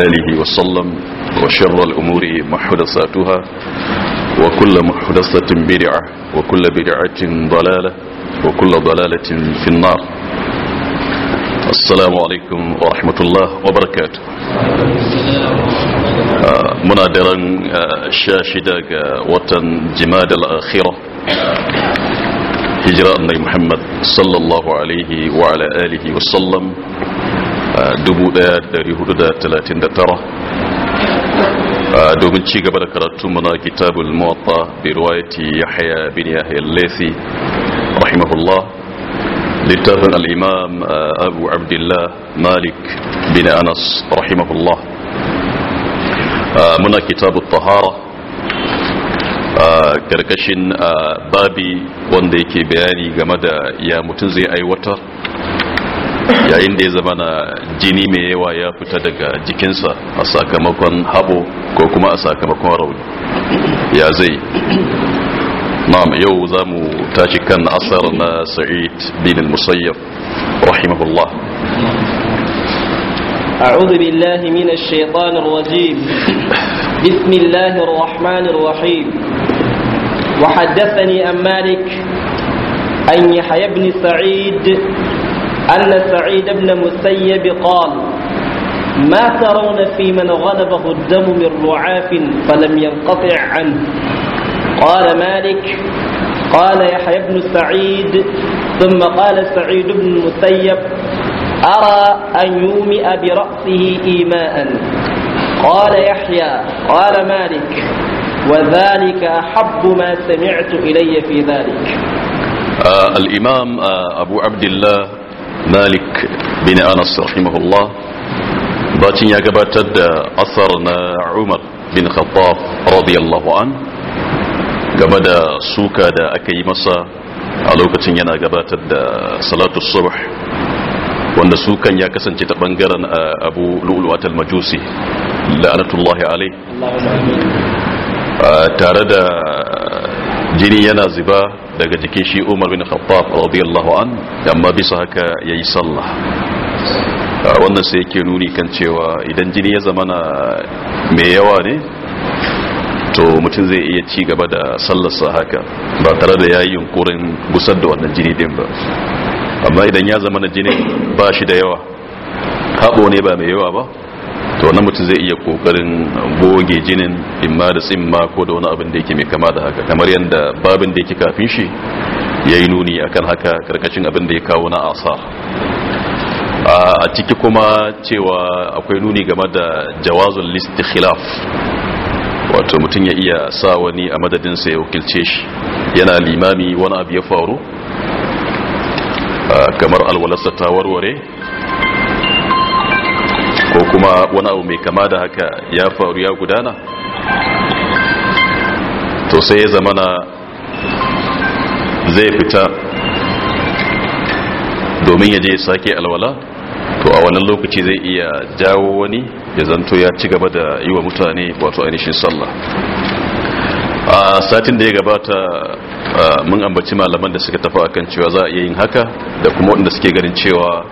آله وسلم وشر الأمور محدثاتها وكل محدثة بدعة وكل بدعة ضلالة وكل ضلالة في النار السلام عليكم ورحمة الله وبركاته آه، منادرا آه، شاشدا آه، وطن جماد الأخيرة هجرة النبي محمد صلى الله عليه وعلى آله وسلم 1439 domin ci gaba da karatu muna kitabul muwatta bi riwayati yahya bin yahya al-laythi rahimahullah littafin al-imam abu abdullah malik bin anas rahimahullah muna kitabut tahara karkashin babi wanda yake bayani game da ya mutum zai aiwatar yayin da ya zama na jini mai yawa ya fita daga jikinsa a sakamakon habo ko kuma a sakamakon rauni ya zai ma'am yau za mu tashi kan asar na sa'id bin al rahimahullah أعوذ بالله من الشيطان الرجيم بسم الله الرحمن الرحيم وحدثني أم مالك أن يحيى بن سعيد أن سعيد بن مسيب قال ما ترون في من غلبه الدم من رعاف فلم ينقطع عنه قال مالك قال يحيى بن سعيد ثم قال سعيد بن المسيب أرى أن يومئ برأسه إيماء قال يحيى قال مالك وذلك أحب ما سمعت إلي في ذلك آه الإمام آه أبو عبد الله malik bin anas rahimahullah bacin ya gabatar da asar na umar bin khattab radiyallahu an game da suka da aka yi masa a lokacin yana gabatar da salatu subh wanda sukan ya kasance ta bangaren eh, abu lu'ulwatal majusi la'anatullahi alai eh, tare da jini yana ziba daga jikin shi umar bin khattab radiyallahu an amma bisa haka yayi sallah wannan sai yake nuni kan cewa idan jini ya zama na mai yawa ne to mutum zai iya ci gaba da sallar sa haka ba tare da yayi yunkurin gusar da wannan jini din ba amma idan ya zama na jini ba shi da yawa haɓo ne ba mai yawa ba to wannan mutum zai iya kokarin goge jinin imma da tsimma ko da wani abin da yake mai kama da haka kamar yadda babin da yake kafin shi ya yi nuni akan haka karkashin abin da ya kawo na asa a ciki kuma cewa akwai nuni game da jawazun listi khilaf wato mutum ya iya sa wani a madadinsa ya wakilce shi yana limami wani abu ya faru kamar alwalarsa ta warware ko kuma wani abu mai kama da haka ya faru ya gudana to sai ya zamana zai fita domin ya je sake alwala to a wannan lokaci zai iya jawo wani ya zanto ya ci gaba da yi wa mutane wato ainihin sallah a satin da ya gabata mun ambaci malaman da suka tafi akan cewa za a iya yin haka da kuma waɗanda suke ganin cewa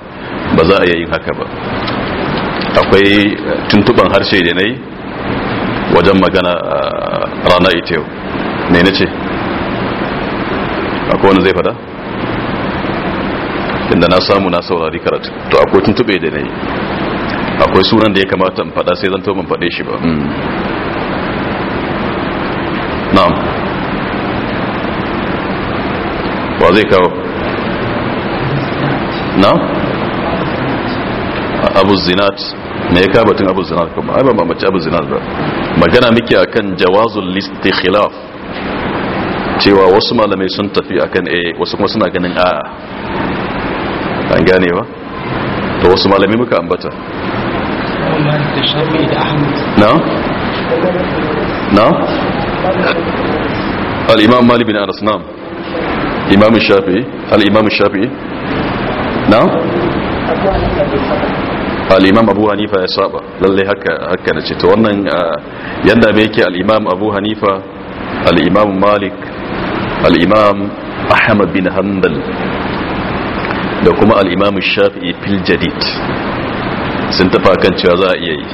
ba za a iya yin haka ba akwai eh, tuntuban harshe da na yi wajen magana eh, rana ita yau ne na ce akwai wani zai fada inda na samu na saurari karatu to akwai tuntube da na yi akwai sunan da ya kamata in fada sai zan to fade shi ba mm. na'am wa zai kawo na'am abu zinat me ya ka batun abu zinar kuma ai ba ma mace abu zinar ba magana muke akan jawazul listi khilaf cewa wasu malamai sun tafi akan a wasu kuma suna ganin a an gane ba to wasu malamai muka ambata na na al-imam malik bin anas nam imam shafi'i al-imam shafi'i na al'imam abu hanifa ya saba lalle haka na ce to wannan ah, yadda me yake al'imam abu hanifa al'imam malik al'imam ahmad bin hanbal da kuma al'imam shafi'i fil jadid sun tafa kan cewa za a iya yi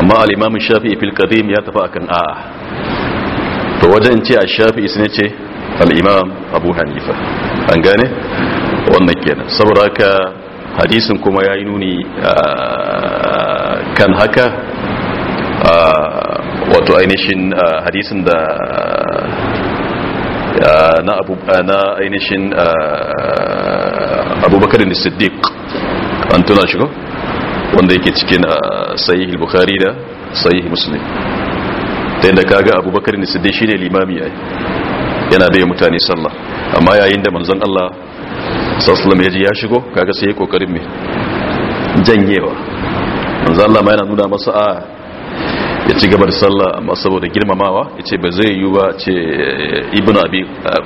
amma al'imam shafi'i fil qadim ya tafa kan a to wajen ce a shafi'i sun ce ce al'imam abu hanifa an gane wannan kenan saboda haka hadisin kuma ya yi nuni ah, kan haka ah, wato ainihin ah, hadisin da na ainihin abubakar da siddiq an tuna shi ko wanda yake cikin sayi bukhari da sayi musulmi ta yadda kaga abubakar da siddiq ne limami yana da mutane sallah amma yayin da manzon Allah sassalam ya ji ya shigo kaga sai ya kokarin mai janyewa manzan Allah ma yana nuna masa a ah, ya ci gaba da sallah amma saboda girmamawa ya ce ba zai yi ba ce eh, ibn abi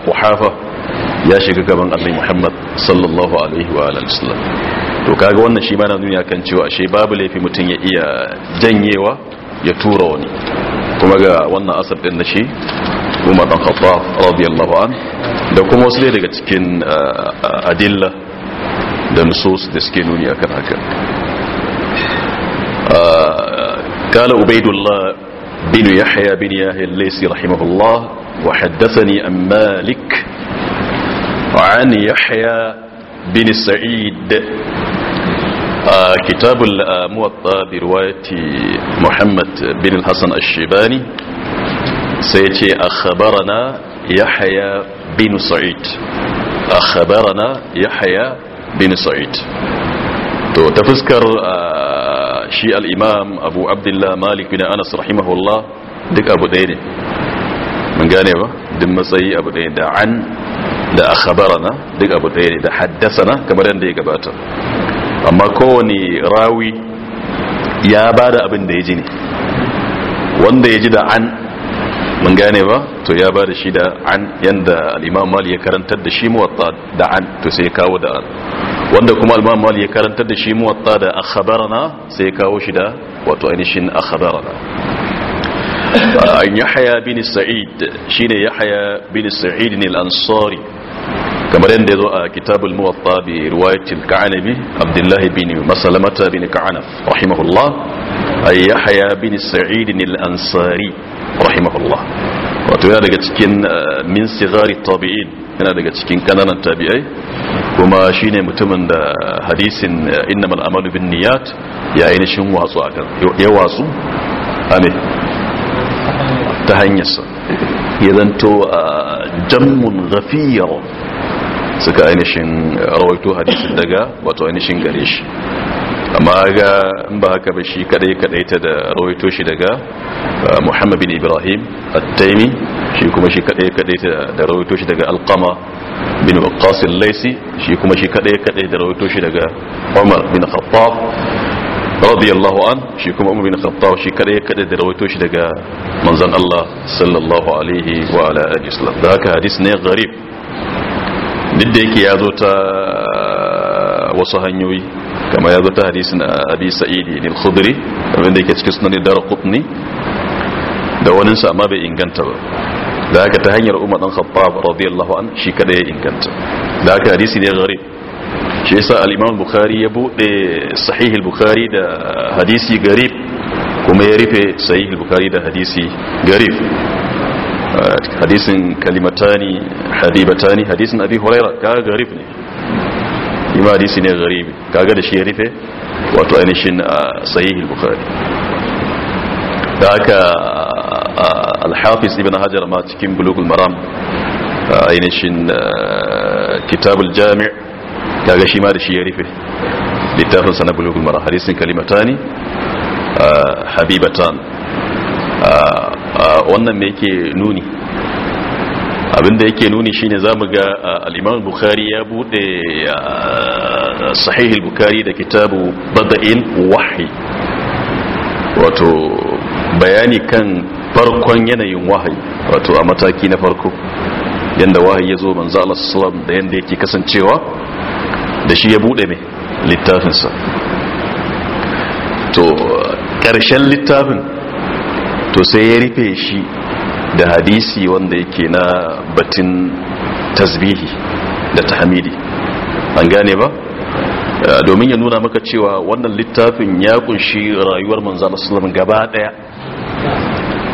kuhafa eh, ya shiga gaban annabi muhammad sallallahu alaihi wa alihi wasallam to kaga wannan shi ma yana nuna kan cewa ashe babu laifi mutum ya iya janyewa ya tura wani kuma ga wannan asar din na shi Umar bin Khattab radiyallahu an da kuma wasu ne daga cikin ah, ah, adilla da nusus da suke nuni a kan haka ah, قال عبيد الله بن يحيى بن ياهي الليسي رحمه الله وحدثني عن مالك عن يحيى بن سعيد كتاب الموطا برواية محمد بن الحسن الشيباني سيتي أخبرنا يحيى بن سعيد أخبرنا يحيى بن سعيد تفسكر shi al'imam abu abdullah malik bin anas rahimahullah duk abu ɗaya ne mun gane ba duk matsayi abu da an da akhabarana duk abu ɗaya ne da haddasana kamar yadda ya gabata amma kowane rawi ya ba da abin da ya ji ne wanda ya ji da mun gane ba to ya ba da shi da an yanda al'imam mali ya karantar da shi muwatta da an to sai ya kawo da an wanda kuma al'imam mali ya karantar da shi muwatta da akhabarana sai ya kawo shi da wato ainihin akhabarana an yahya bin sa'id shine yahya bin sa'id ne al-ansari kamar yadda ya zo a kitabul muwatta bi riwayatil ka'anabi abdullah bin masalamata bin ka'anaf rahimahullah ay yahya bin sa'id al-ansari rahimahullah wato yana daga cikin eh, min sigari tabi'in yana daga cikin kananan tabi'ai kuma shine mutumin da hadisin eh, innamal amalu bin niyat ya ainihin watsu kan ya watsu ame ta hanyarsa ya zanto eh, jammun ghafiyar suka ainihin rawaito hadisin daga wato ainihin gare shi amma ga in ba haka ba shi kadai kadai ta da rawaito shi daga uh, Muhammad bin Ibrahim At-Taimi shi kuma shi kadai kadai ta da rawaito shi daga Al-Qama bin Waqqas Al-Laysi shi kuma shi kadai kadai da rawaito shi daga Umar bin Khattab radiyallahu an shi kuma Umar bin Khattab shi kadai kadai da rawaito shi daga manzon Allah sallallahu alaihi wa ala alihi wasallam da haka hadis ne gharib duk da yake ya zo ta wasu hanyoyi kama ya zo ta hadisin abi sa'idi ne khudri abinda yake cikin sunan dara qutni da wani sa ma bai inganta ba da haka ta hanyar umar dan khattab radiyallahu an shi kada ya inganta da haka hadisi ne gari shi yasa al-imam bukhari ya bude sahih al-bukhari da hadisi gharib kuma ya rufe sahih al-bukhari da hadisi gharib hadisin kalimatani hadibatani hadisin abi hurairah ka gharib ne shi ma hadisi ne garibi kaga da shi ya rufe wato ainihin sahihul bukhari da haka al-hafiz ibn hajar ma cikin bulugul maram ainihin kitabul jami' kaga shi ma da shi ya rufe littafin sa bulugul maram hadisin kalimatani habibatan wannan me yake nuni Abin abinda yake nuni shine zamu ga al-Imam Bukhari ya bude Sahih al-Bukhari da kitabu Bada'in Wahyi wato bayani kan farkon yanayin wahayi wato a mataki na farko yanda wahayi ya zo manzo Allah sallallahu alaihi da yanda yake kasancewa da shi ya bude mai littafinsa to karshen littafin to sai ya rufe shi da hadisi wanda yake na batin tasbihi da tahmidi an gane ba domin ya nuna maka cewa wannan littafin ya kunshi rayuwar manzo sallallahu gaba daya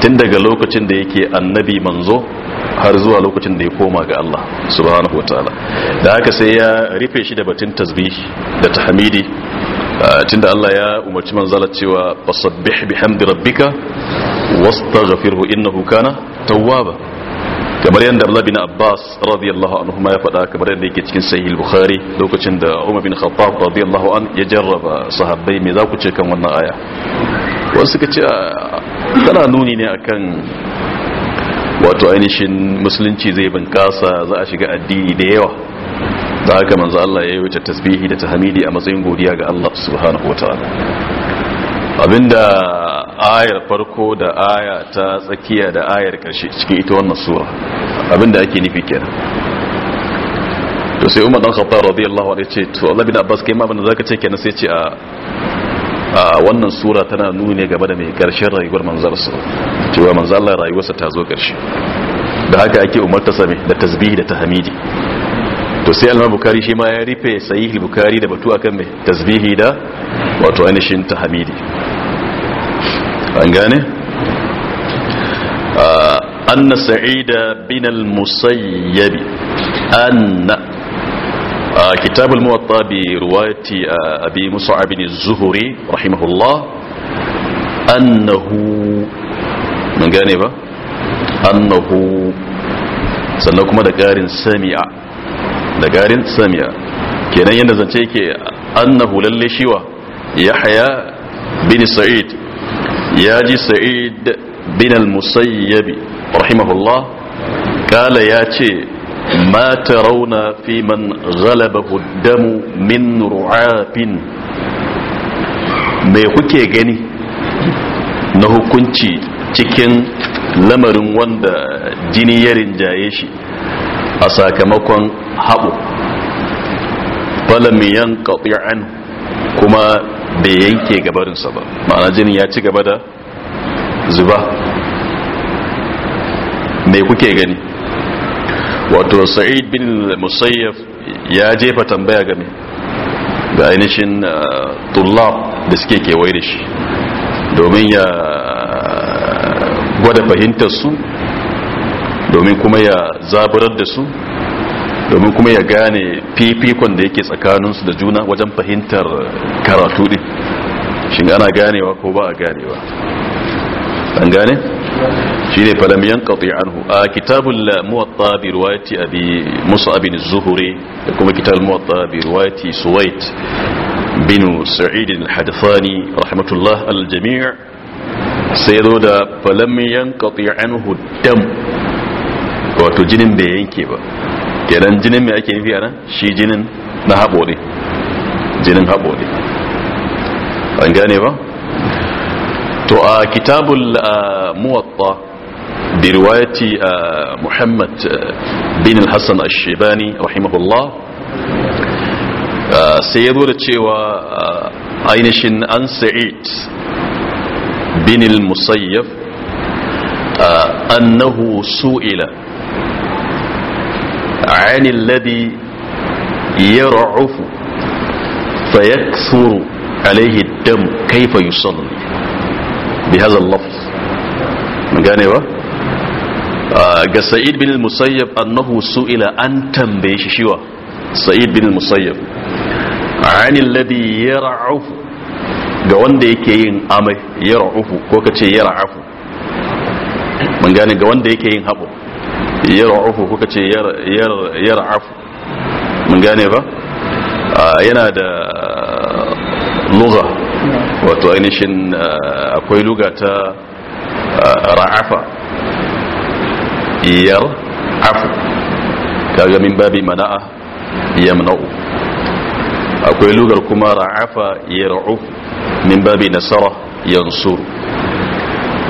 tun daga lokacin da yake annabi manzo har zuwa lokacin da ya koma ga Allah subhanahu wataala da haka sai ya rufe shi da batun tasbihi da tahmidi tunda Allah ya umarci manzo cewa fasabbih bihamdi rabbika wastaghfirhu innahu kana tawwaba kamar yadda Abdullah bin Abbas radiyallahu anhu ma ya faɗa kamar yadda yake cikin sahih Bukhari lokacin da Umar bin Khattab radiyallahu an ya jarraba sahabbai me za ku ce kan wannan aya wasu suka ce tana nuni ne akan wato ainihin musulunci zai bunkasa za a shiga addini da yawa da haka manzo Allah ya yi wuce tasbihi da tahmidi a matsayin godiya ga Allah subhanahu wataala abinda ayar farko da aya ta tsakiya da ayar ƙarshe cikin ita wannan sura abinda ake nufi kenan to sai umar dan khattab radiyallahu anhu ce to Allah bin Abbas kai ma ban zaka ce kenan sai ce a wannan sura tana nuni game da mai karshen rayuwar manzarsa cewa manzar Allah rayuwarsa ta zo ƙarshe da haka ake umar ta same da tasbihi da tahmidi to sai al bukari shi ma ya rufe sahih bukari da batu akan mai tasbihi da wato ainihin tahmidi an gane ah, anna sa'ida bin al-musayyib anna ah, kitab al-muwatta bi riwayati ah, abi mus'ab bin az-zuhri rahimahullah annahu mun gane ba annahu sannan kuma da garin sami'a da garin sami'a kenan yanda zance yake annahu lalle shiwa yahya bin sa'id ya ji sa'id bin musayyabi rahimahullah kala ya ce ma tarawna fi man ghalabahu damu min ru'afin me kuke gani na hukunci cikin lamarin wanda jini ya rinjaye shi a sakamakon haɓo falam yanqati anhu kuma bai yanke gabarinsa ba ma'ana jinin ya ci gaba da zuba mai kuke gani wato sa'id bin musayyaf ya jefa tambaya game ga ainihin uh, tullab da suke kewaye da shi domin ya uh, gwada fahimtar su domin kuma ya zaburar da su domin kuma ya gane fifikon da yake tsakaninsu da juna wajen fahimtar karatu din shin ana ganewa ko ba a ganewa an gane shi ne falam yanqati anhu a kitabul muwatta bi riwayati abi mus'ab bin zuhri da kuma kitabul muwatta bi riwayati suwait bin sa'id al-hadathani rahmatullah al sai zo da falam yanqati anhu dam wato jinin bai yanke ba kenan jinin mai ake nufi a nan shi jinin na haɓo jinin haɓo an gane ba to a kitabul muwatta bi riwayati muhammad bin hassan al-shibani rahimahullah sai ya da cewa ainihin an sa'id bin musayyaf annahu su'ila عن الذي يرعف فيكثر عليه الدم كيف يصلي بهذا اللفظ gane ah, ga sa'id bin musayyab annahu su'ila an tambaye shi shiwa sa'id bin musayyab ani alladhi yar'ufu ga wanda yake yin amai yar'ufu ko kace yar'ufu mun gane ga wanda yake yin habo yarafu kuka ce yar'afu mun gane ba yana da lugha wato ainihin akwai lugha ta ra'afa yar'afu kaga min babi mana'a yamna'u akwai lugar kuma ra'afa yar'ufu min babi nasara yansuru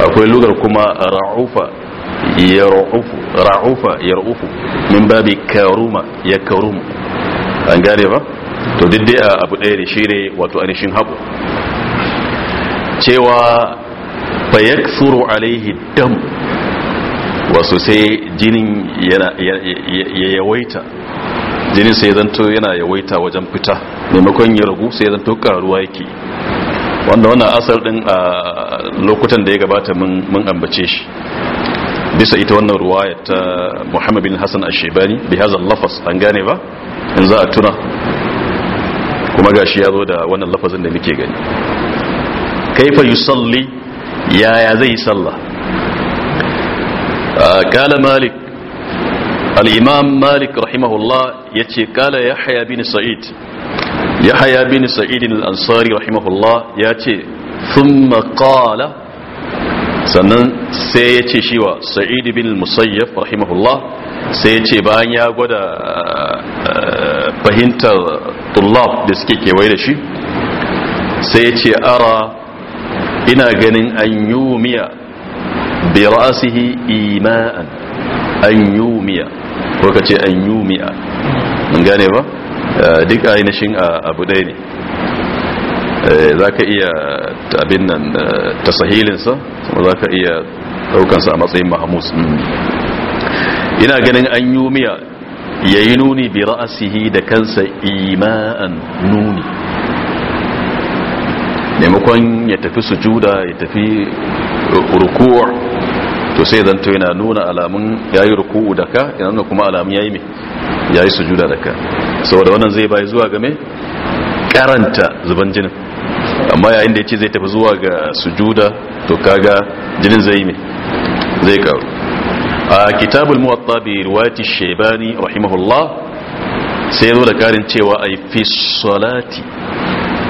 akwai lugar kuma ra'ufa yar'ufu ra'ufa yar'ufu min babi karuma ya karumu an gane ba to diddai a abu ɗaya da shi ne wato anishin haɓo cewa bayan suru alaihi dam wasu sai jinin ya yawaita jinin sai zanto yana yawaita wajen fita maimakon ya ragu sai zanto karuwa yake wanda wannan asar din a lokutan da ya gabata mun ambace shi bisa ita wannan ruwaya ta muhammad bin hassan ashebani bi hazan lafas an gane ba in za a tuna kuma gashi ya zo da wannan lafazin da muke gani kaifa yusalli yaya zai yi sallah kala malik al-imam malik rahimahullah yace kala yahya bin sa'id yahya bin sa'id al-ansari rahimahullah yace thumma qala sannan sai ya ce shi wa sa'id bin musayyaf rahimahullah sai ya ce bayan ya gwada eh, fahimtar tullab da suke kewaye da shi sai ya ce ara ina ganin an yumiya bi ra'asihi ima'an an yumiya ko ka ce an yumiya mun gane ba eh, duk ainihin eh, abu ɗaya ne Eh, za ka iya eh, abin nan eh, sahilinsa kuma za ka iya daukansa a matsayin mahamus mm. ina ganin an yi miya ya yi nuni bi ra'asihi da kansa ima'an nuni maimakon ya tafi sujuda ya tafi ruku'ar to sai zanto yana nuna alamun ya yi ruku'u da ka yana nuna kuma alamun ya yi mai ya yi sujuda da ka saboda wannan zai bayi zuwa game karanta zuban jinin amma yayin da ya ce zai tafi zuwa ga sujuda to kaga jinin zai mai zai karu a kitabul muwatta bi riwayati shaybani rahimahullah sai yazo da karin cewa ai fi salati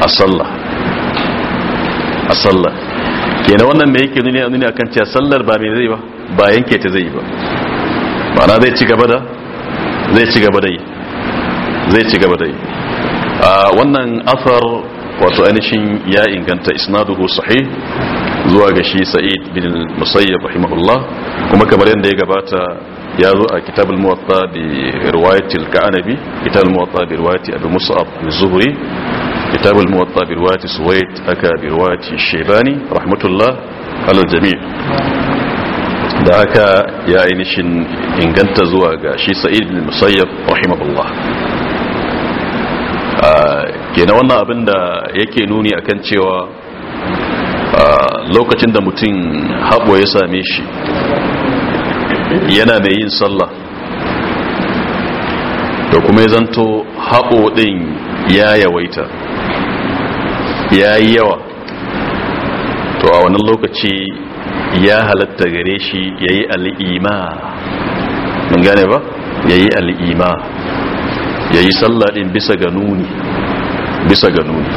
a sallah a sallah kenan wannan me yake nuni nuni akan cewa sallar ba me zai ba ba yanke ta zai ba ma'ana zai ci gaba da zai ci gaba da yi zai ci gaba da yi wannan afar wato ainihin ya inganta isnaduhu sahih zuwa ga shi sa'id bin musayyab rahimahullah kuma kamar yadda ya gabata ya zo a kitab al-muwatta bi riwayati al kanabi kitab al-muwatta bi riwayati abu mus'ab az-zuhri kitab al-muwatta bi riwayati suwayd aka bi riwayati shaybani rahmatullah ala al-jami' da aka ya ainihin inganta zuwa ga shi sa'id bin musayyab rahimahullah ah, na wannan abin da yake nuni a kan cewa lokacin da mutum haɓo ya same shi yana mai yin sallah da kuma ya zanto haɓo ɗin ya yawaita ya yi yawa to a wannan lokaci ya halatta gare shi ya yi al'ima mun gane ba ya yi al'ima ya yi sallah ɗin bisa ga nuni bisa ga nuni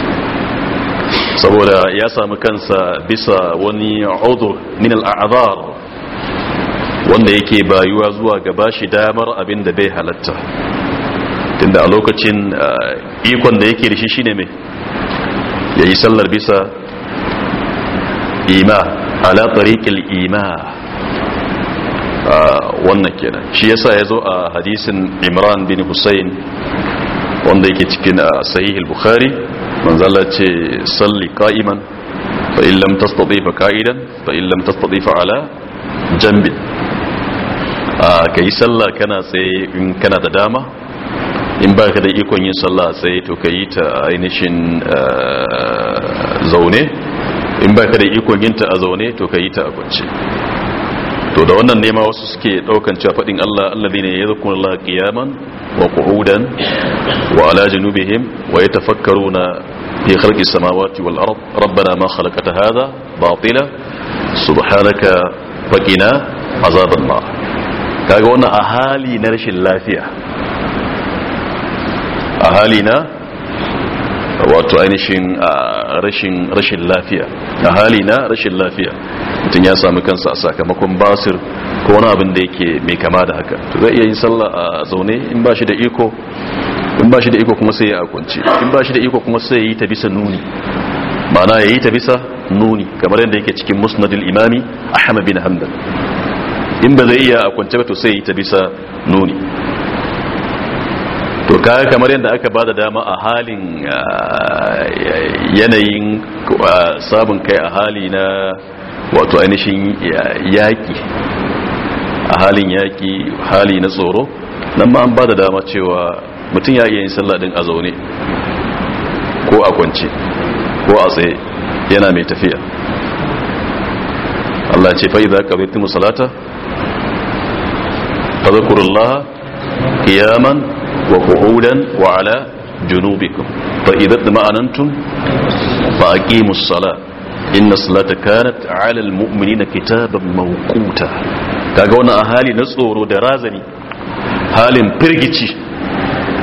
saboda ya sami kansa bisa wani udur min al'adhar wanda yake bayuwa zuwa ga bashi damar abin da bai halatta tunda a lokacin eh, ikon da yake da shi shine mai ya yi sallar bisa ima ala tariqil ima ah, wannan kenan shi yasa ya zo a hadisin imran bin hussein wanda yake cikin uh, sahih al-bukhari manzala ce salli qa'iman fa in lam tastati fa qa'idan fa in lam tastati fa ala janbi uh, kai sallah kana tsaye in kana da dama in ba ka da ikon yin sallah tsaye to ka yi ta ainihin uh, zaune in ba ka da ikon yin ta a zaune to ka yi ta a kwance to da wannan nema wasu suke daukan cewa fadin Allah allazi ne yadhkuru Allah qiyaman wa qu'udan wa ala junubihim wa yatafakkaruna fi khalqi samawati wal ard rabbana ma khalaqta hadha batila subhanaka faqina azaban nar kaga wannan a hali na rashin lafiya a hali na wato ainihin rashin rashin lafiya a hali na rashin lafiya mutum ya sami kansa a sakamakon basir ko wani abin da yake mai kama da haka to zai iya yin sallah a zaune in ba shi da iko in ba shi da iko kuma sai ya akunci in ba shi da iko kuma sai ya yi ta bisa nuni ma'ana ya yi ta bisa nuni kamar yadda yake cikin musnadul imami ahmad bin hanbal in ba zai iya akwance ba to sai ya yi ta bisa nuni to kamar yadda aka bada dama a halin yanayin sabon kai a hali na wato ainihin yaƙi a halin yaƙi hali na tsoro nan ma an bada dama cewa mutum ya iya yin sallah a zaune ko a kwance ko a tsaye yana mai tafiya Allah ce fa idza qadaytum salata fadhkurullaha qiyaman wa wa ala وقعودا وعلى جنوبكم salata اطمأننتم فأقيموا الصلاة إن الصلاة كانت kaga wani a hali na tsoro da razani halin firgici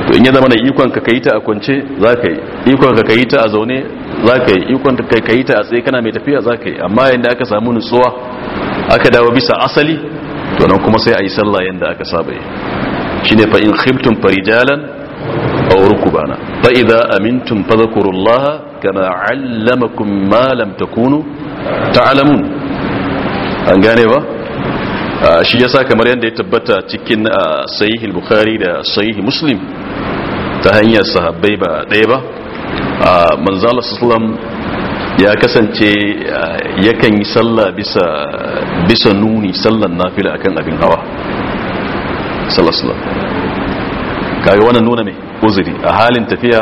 to in ya zama da ikon ka kayi ta a kwance za ka yi ikon ka kayi ta a zaune za ka yi ikon ka kayi ta a tsaye kana mai tafiya za ka yi amma yadda aka samu nutsuwa aka dawo bisa asali to nan kuma sai a yi sallah yadda aka saba yi shine fa in khiftum farijalan aw rukbana fa idza amintum fadhkurullaha kama 'allamakum ma lam takunu ta'lamun an gane ba ah, shi yasa kamar yadda ya tabbata cikin ah, sahihi al-bukhari da sahihi muslim ta hanyar sahabbai ba ɗaya ba ah, manzo Allah sallallahu ya kasance yakan yi sallah bisa bisa nuni sallan nafila akan abin hawa sallallahu wannan nuna mai uzuri a halin tafiya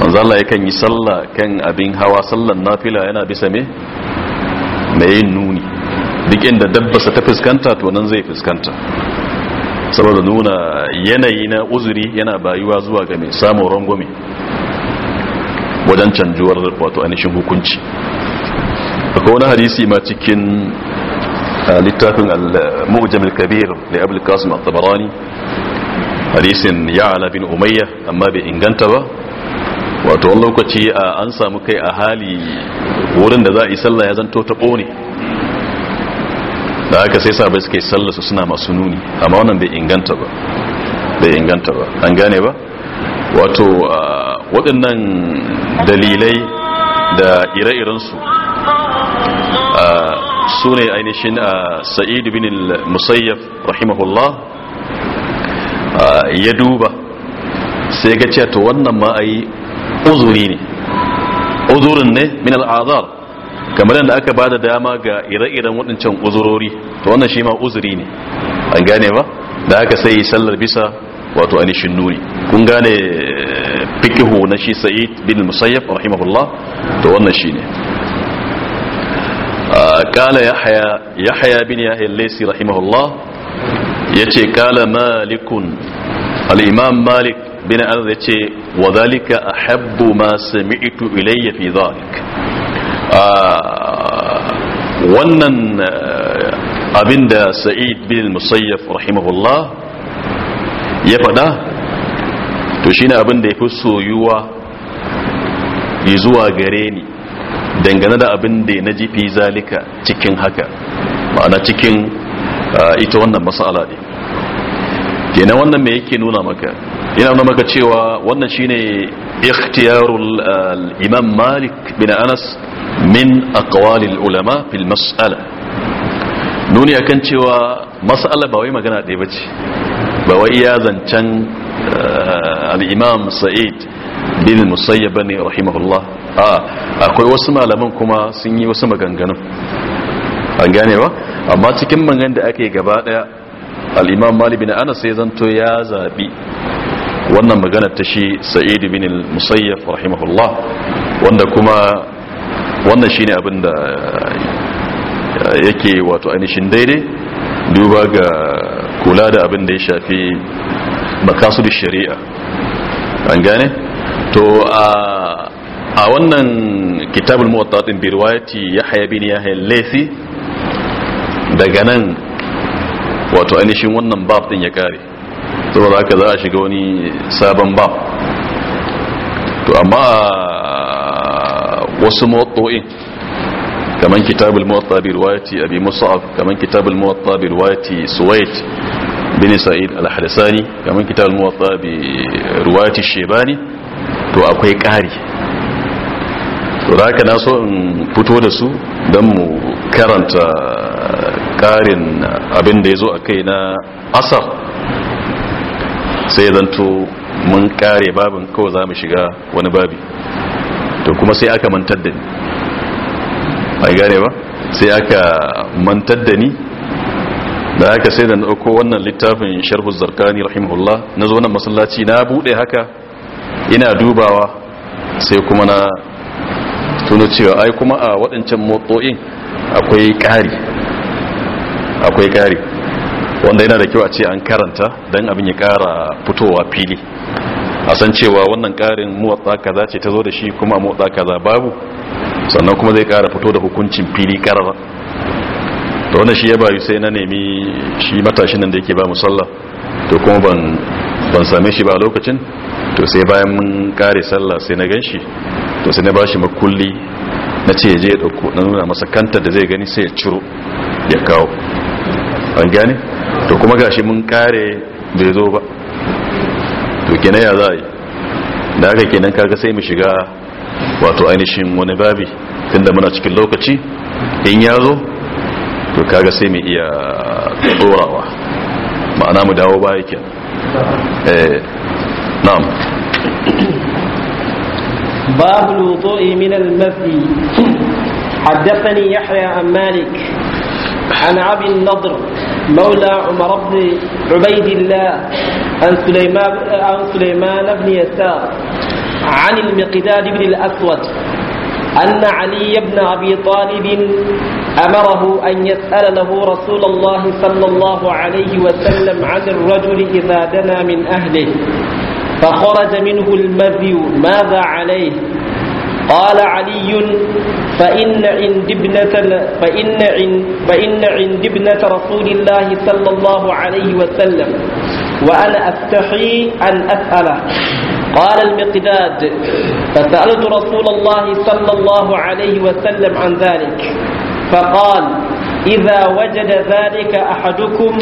manzala yakan yi sallah kan abin hawa sallan nafila yana bisa me mai nuni duk inda dabbasa ta fuskanta to nan zai fuskanta saboda nuna yanayi na uzuri yana bayuwa zuwa ga mai samun rangwame wajen canjuwar wato ainihin hukunci akwai wani hadisi ma cikin littafin al-mu'jam al-kabir li abul qasim at-tabarani hadisin ya'la bin umayya amma bai inganta ba wato wani lokaci an samu kai a hali wurin da za a yi sallah ya zanto ta kone da aka sai sabai suke sallah su suna masu nuni amma wannan bai inganta ba bai inganta ba an gane ba wato waɗannan dalilai da ire-irensu Sune ainihin ainihin uh, sa'id bin musayyaf rahimahullah uh, ya duba sai ga cewa to wannan ma ai uzuri ne uzurin ne min al'azar kamar yadda aka bada dama ga ire-iren waɗancan uzurori to wannan shi ma uzuri ne an gane ba da aka sai sallar bisa wato ainihin nuri kun gane eh, fikihu na shi sa'id bin musayyaf rahimahullah to wannan shi ne kala yahya yahya bin yahya al-laysi yace kala malikun al malik bin anas yace wa zalika ahabbu ma sami'tu ilayya fi dhalik wannan abinda sa'id bin musayyaf rahimahullah ya faɗa to shine abinda yafi soyuwa zuwa gare ni dangane da abin da na ji zalika cikin haka ma'ana cikin ita wannan masala ne kenan wannan me yake nuna maka ina nuna maka cewa wannan shine ikhtiyarul imam malik bin anas min aqwalil ulama fil mas'ala nuni akan cewa mas'ala ba wai magana ɗaya bace ba wai iya zancen al-imam sa'id bin musayyab ne rahimahullah a akwai wasu malaman kuma sun yi wasu maganganun an gane ba amma cikin mangan da aka yi gaba daya al-imam malik bin anas sai zanto ya zabi wannan magana ta shi sa'id bin musayyab rahimahullah wanda kuma wannan shine abin da eh, yake wato ainihin daidai duba ga kula da abin da ya shafi makasudin shari'a an gane to a wannan kitabul muwattatin bi riwayati yahya bin yahya al daga nan wato ainihin wannan bab din ya kare saboda haka za a shiga wani sabon bab to amma wasu muwatta'in kaman kitabul muwatta bi riwayati abi mus'ab kaman kitabul muwatta bi riwayati suwayd bin sa'id al-hadisani kaman kitabul muwatta bi riwayati shaybani to akwai ƙari to da haka na so in fito da su don mu karanta ƙarin abin da ya zo a kai na asar sai zanto mun ƙare babin kawai za mu shiga wani babi to kuma sai aka mantar da ni a gane ba sai aka mantar da ni da haka sai da na ɗauko wannan littafin sharhu zarkani rahimahullah na zo nan masallaci na buɗe haka ina dubawa sai kuma na tuno cewa ai kuma a waɗancan motso'in akwai ƙari akwai ƙari wanda yana da kyau a ce an karanta don abin ya ƙara fitowa fili a san cewa wannan ƙarin motsa kaza ce ta zo da shi kuma motsa kaza babu sannan kuma zai ƙara fito da hukuncin fili ƙarara da wanda shi ya bayu sai na nemi shi matashin nan da yake ba musalla to kuma ban ban same shi ba lokacin to sai bayan mun kare sallah sai na ganshi to sai na bashi makulli na ce je ya ɗauko na nuna masa kanta da zai gani sai ya ciro ya kawo an gane to kuma gashi mun kare bai zo ba to kina ya za yi da haka kenan kaga sai mu shiga wato ainihin wani babi tunda muna cikin lokaci in ya zo to kaga sai mu iya tsorawa ma'ana mu dawo baya kenan إيه، نعم باب الوضوء من المسجد حدثني يحيى عن مالك عن ابي النضر مولى عمر بن عبيد الله عن سليمان عن سليمان بن يسار عن المقداد بن الاسود أن علي بن أبي طالب أمره أن يسأل له رسول الله صلى الله عليه وسلم عن الرجل إذا دنا من أهله فخرج منه المذي ماذا عليه قال علي فإن عند ابنة فإن عند فإن عند ابنة رسول الله صلى الله عليه وسلم وأنا أستحي أن أسأله قال المقداد فسألت رسول الله صلى الله عليه وسلم عن ذلك فقال إذا وجد ذلك أحدكم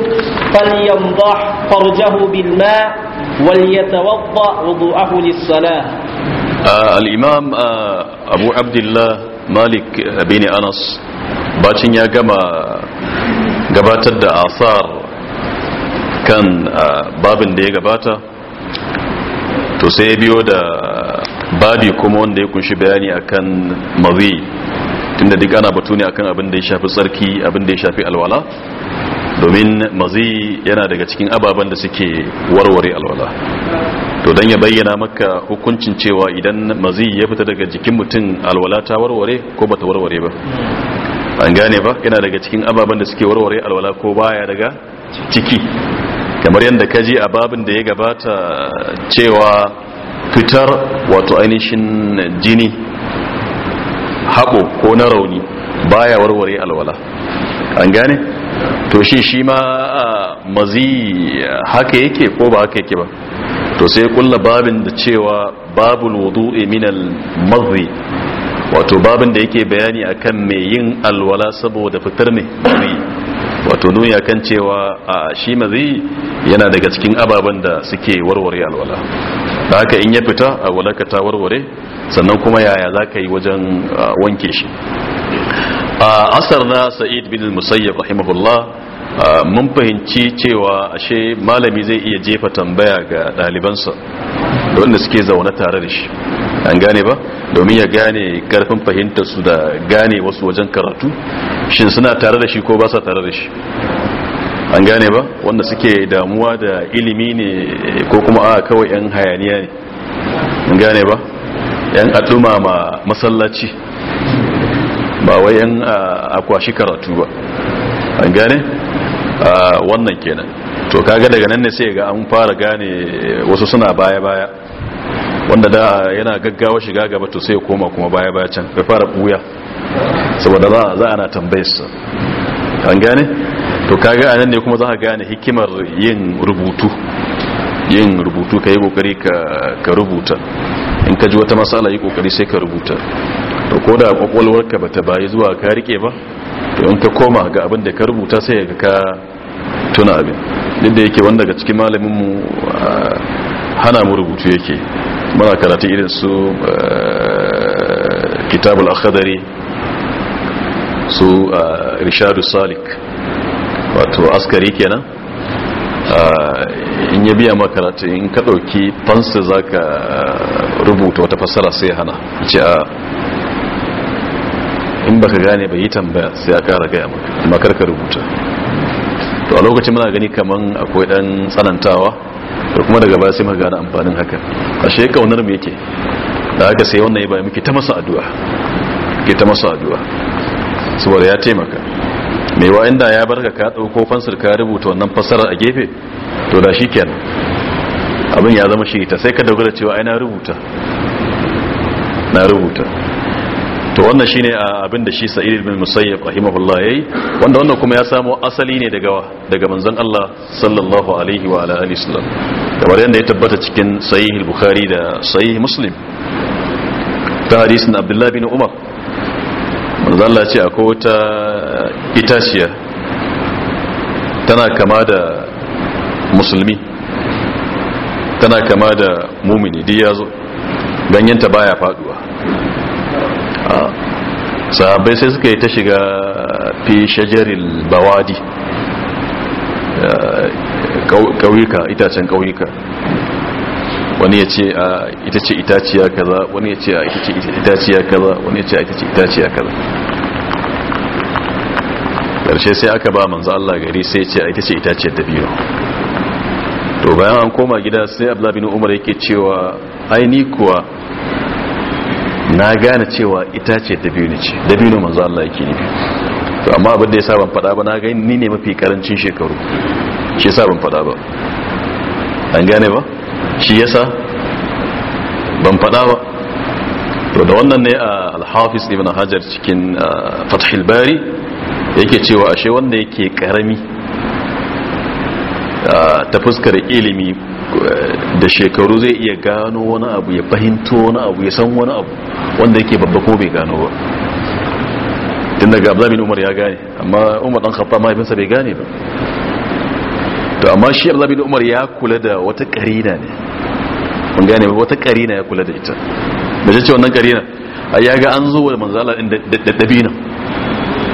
فلينضح فرجه بالماء وليتوضأ وضوءه للصلاة آه الإمام آه أبو عبد الله مالك آه، بن أنس باتن يا جماعة جبات da كان آه babin da جباته to sai biyo da babi kuma wanda ya kunshi bayani akan mazi tunda duk ana batu ne akan abin da ya shafi tsarki abin da ya shafi alwala domin mazi yana daga cikin ababen da suke warware alwala to don ya bayyana maka hukuncin cewa idan mazi ya fita daga jikin mutum alwala ta warware ko bata warware ba an gane ba yana daga cikin ababen da suke warware alwala ko baya daga ciki kamar yadda ka ji a babin da ya gabata cewa fitar wato ainihin jini haɓo ko na rauni baya warware alwala an gane to shi shi ma mazi haka yake ko ba haka yake ba to sai kulla babin da cewa babul wudu minal mazi wato babin da yake bayani akan mai yin alwala saboda fitar ne. wato nuni kan cewa a shi mazi yana daga cikin ababen da suke warware alwala da haka in ya fita alwalarka ta warware sannan kuma yaya za ka yi wajen wanke shi a asar na sa'id bin musayyab rahimahullah mun fahimci cewa ashe malami zai iya jefa tambaya ga ɗalibansa da wanda suke zaune tare da shi an gane ba domin ya gane karfin fahimtar su da gane wasu wajen karatu shin suna tare da shi ko ba sa tare da shi an gane ba wanda suke damuwa da ilimi ne ko kuma a kawai yan hayaniya ne an gane ba yan al'umma ma masallaci ba wai yan akwashi karatu ba an gane wannan kenan to kaga daga nan ne sai ga an fara gane wasu suna baya-baya wanda da yana gaggawa shiga gaba to sai ya koma kuma baya baya can bai fara buya saboda za a za ana tambayarsa an gane to kaga anan ne kuma za ka gane hikimar yin rubutu yin rubutu ka yi kokari ka rubuta in ka ji wata matsala yi kokari sai ka rubuta to ko da kwakwalwarka ba ta bayi zuwa ka rike ba to in ka koma ga abin da ka rubuta sai ka ka tuna abin duk da yake wanda daga cikin malaminmu hana mu rubutu yake muna karatu irin su eh, kitabul akhadari su eh, rishadu salik wato askari kenan eh, in ya biya maka karatu in ka dauki fansa za ka rubuta wata fassara sai hana ce a in baka gane bai yi tambaya sai a kara gaya maka makar rubuta to a lokacin muna gani kaman akwai dan tsanantawa to kuma daga baya sai muka gane amfanin haka ashe kaunar mu yake da haka sai wannan ya ba muke ta masa addu'a ke ta masa addu'a saboda ya taimaka Me wa inda ya barka ka dauko fansir ka rubuta wannan fassarar a gefe to da shikenan abin ya zama shi ta sai ka dogara cewa ai na rubuta na rubuta to wannan shine ah, abin da shi sa'id bin musayyib rahimahullah yayi wanda wannan kuma ya samo asali ne daga daga manzon Allah sallallahu alaihi wa alihi sallam kamar yadda ya tabbata cikin sahih bukhari da sahih muslim ta hadisin abdullah bin umar manzon Allah ya ce akwai wata itaciya tana kama da musulmi tana kama da mumini duk yazo ganyenta baya faduwa sahabai sai suka yi ta shiga fi shajaril bawadi ƙauyuka eh, itacen ƙauyuka wani ya ce a ah, ita ce itaciya kaza wani ya ce a ah, ita ce itaciya kaza wani ya ce a ah, ita ce itaciya kaza ƙarshe sai aka ba manzo Allah gari sai ce a ita ce itaciyar biyu to bayan an koma gida sai abdullahi bin umar yake cewa ai ni kuwa na gane cewa ita ce dabino ce dabino manzo Allah yake nufi to amma abin da yasa ban faɗa ba na ga ni ne mafi karancin shekaru shi yasa ban faɗa ba an gane ba shi yasa ban faɗa ba to da wannan ne ah, al-hafiz ibn hajar cikin al ah, bari yake cewa ashe wanda yake karami ah, ta fuskar ilimi da shekaru zai iya gano wani abu ya fahimto wani abu ya san wani abu wanda yake babba ko bai gano ba tun daga abdullahi umar ya gane amma umar dan khattab mahaifinsa bai gane ba to amma shi abdullahi umar ya kula da wata karina ne mun gane wata karina ya kula da ita da ce wannan karina ya ga an zo wa manzala da dabina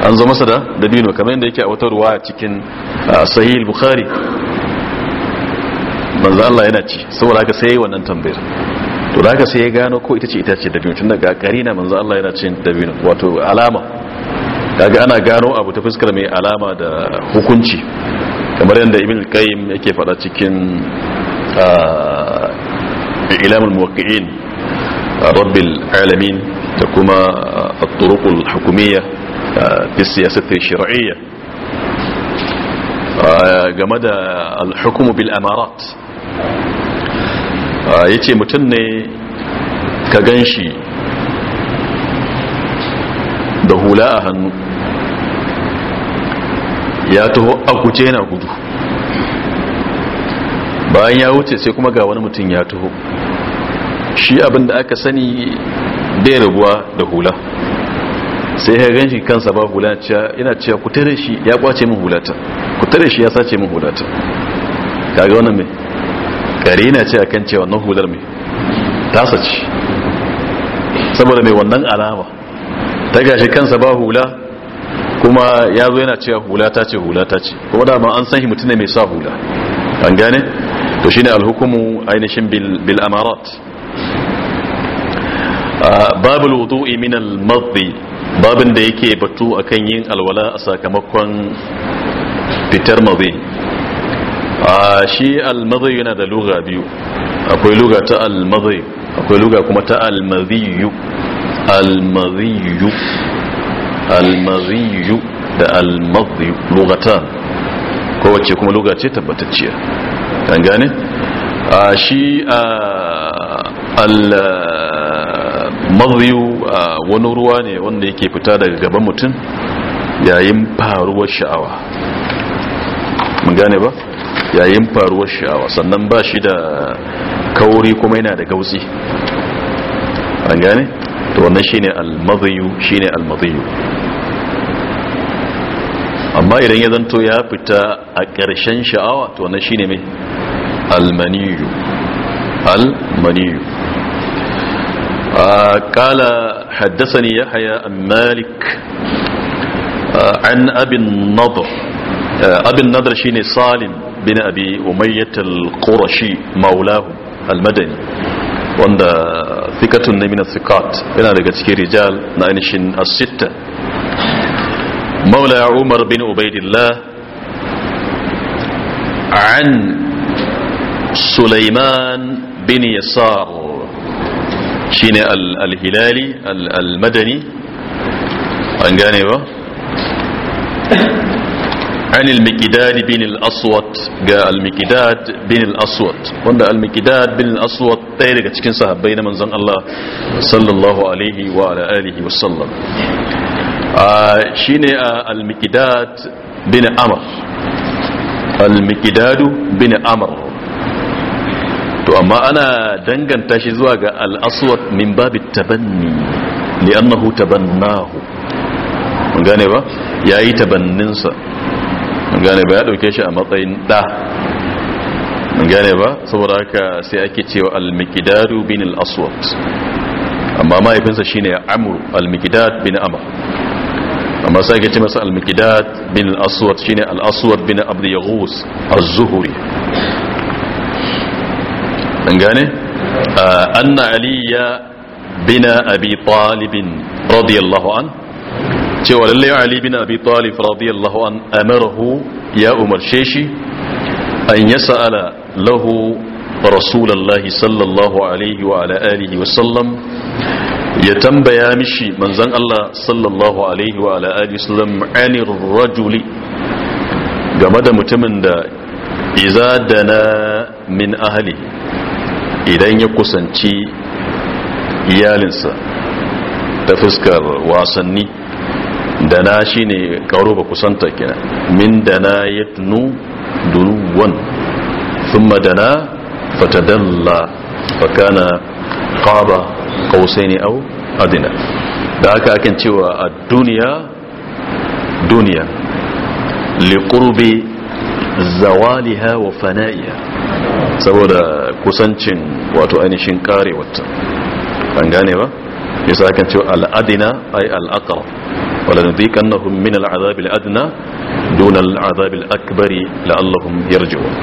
an zo masa da dabino kamar yadda yake a wata ruwa cikin ah, sahih bukhari manzo Allah yana ci saboda haka sai wannan tambayar to da haka sai ya gano ko ita ce ita ce dabino tun daga karina manzo Allah yana cin dabino wato alama kaga ana gano abu ta fuskar mai alama da hukunci kamar yadda ibn qayyim yake faɗa cikin ilamul muwaqqi'in rabbil alamin da kuma at-turuqul hukumiyya fi siyasat shar'iyya game da al-hukmu bil amarat Ah, ya ce mutum ne ka gan shi da hula a hannu ya taho a guje na gudu bayan ya wuce sai kuma ga wani mutum ya taho shi abinda aka sani bai rabuwa da hula sai ya gan shi kansa ba hula yana cewa ku tare shi ya kwace min hulata ku tare shi ya sace min hulata kaga wani mai na ce akan cewa wannan hular mai tasa ce saboda mai wannan alama ta gashi kansa ba hula kuma ya zo yana cewa hula ta ce hula ta ce kuma da ma an san mutum ne mai sa hula an gane to shine alhukumu ainihin bil amarat Babu wudu'i min al babin da yake batu akan yin alwala a sakamakon fitar madhi shi almadhi yana da luga biyu akwai luga ta almadhi akwai luga kuma ta almadhiyu almadhiyu almadhiyu da almadhi lugatan kowace kuma luga ce tabbatacciya kan gane a shi almadhiyu wani ruwa ne wanda yake fita daga gaban mutum yayin faruwar sha'awa mun gane ba yayin faruwar sha'awa sannan ba shi da kauri kuma yana da gautsi an gane to wannan shine almadhiyu shine almadhiyu amma idan ya zanto ya fita a ƙarshen sha'awa to wannan shine mai almaniyu almaniyu qala حدثني يحيى عن مالك abin أبي abin أبي النضر شيني صالم بن أبي أمية القرشي مولاه المدني وأن ثقة من الثقات انا بن أبي رجال نائنشين الستة مولى عمر بن عبيد الله عن سليمان بن يسار شين الهلالي المدني ان أنجاني عن المكداد بن الأصوت جاء المكداد بن الأصوت وند المكداد بن الأصوت تيرك صحب بين من زن الله صلى الله عليه وعلى آله وسلم شيني المكداد بن أمر المكداد بن أمر to amma ana danganta shi zuwa ga al'aswad min babi tabanni li'annahu tabannahu gane ba yayi tabanninsa mun gane ba ya dauke shi a matsayin da mun gane ba saboda haka sai ake cewa al-miqdadu bin al-aswad amma mahaifinsa shine amru al-miqdad bin amr amma sai ake ce masa al-miqdad bin al-aswad shine al-aswad bin abd yaghus az-zuhri mun gane anna aliya bin abi talib radiyallahu anhu cewa lalle ali bin abi talib radiyallahu an amarahu ya umarce shi an yas'ala lahu rasulullahi sallallahu alaihi wa ala alihi wa sallam ya tambaya mishi manzon Allah sallallahu alaihi wa ala alihi wa sallam anir rajuli game da mutumin da iza dana min ahli idan ya kusanci iyalinsa ta fuskar wasanni dana shine karo ba kusanta kina min dana yatnu dunuwan thumma dana fatadalla fakana qaba ne aw adina da haka akan cewa a duniya duniya liqurbi zawaliha wa fana'iha saboda kusancin wato ainihin karewarta an gane ba yasa akan cewa al'adina ay al'aqrab ولنذيقنهم من العذاب الأدنى دون العذاب الأكبر لعلهم يرجعون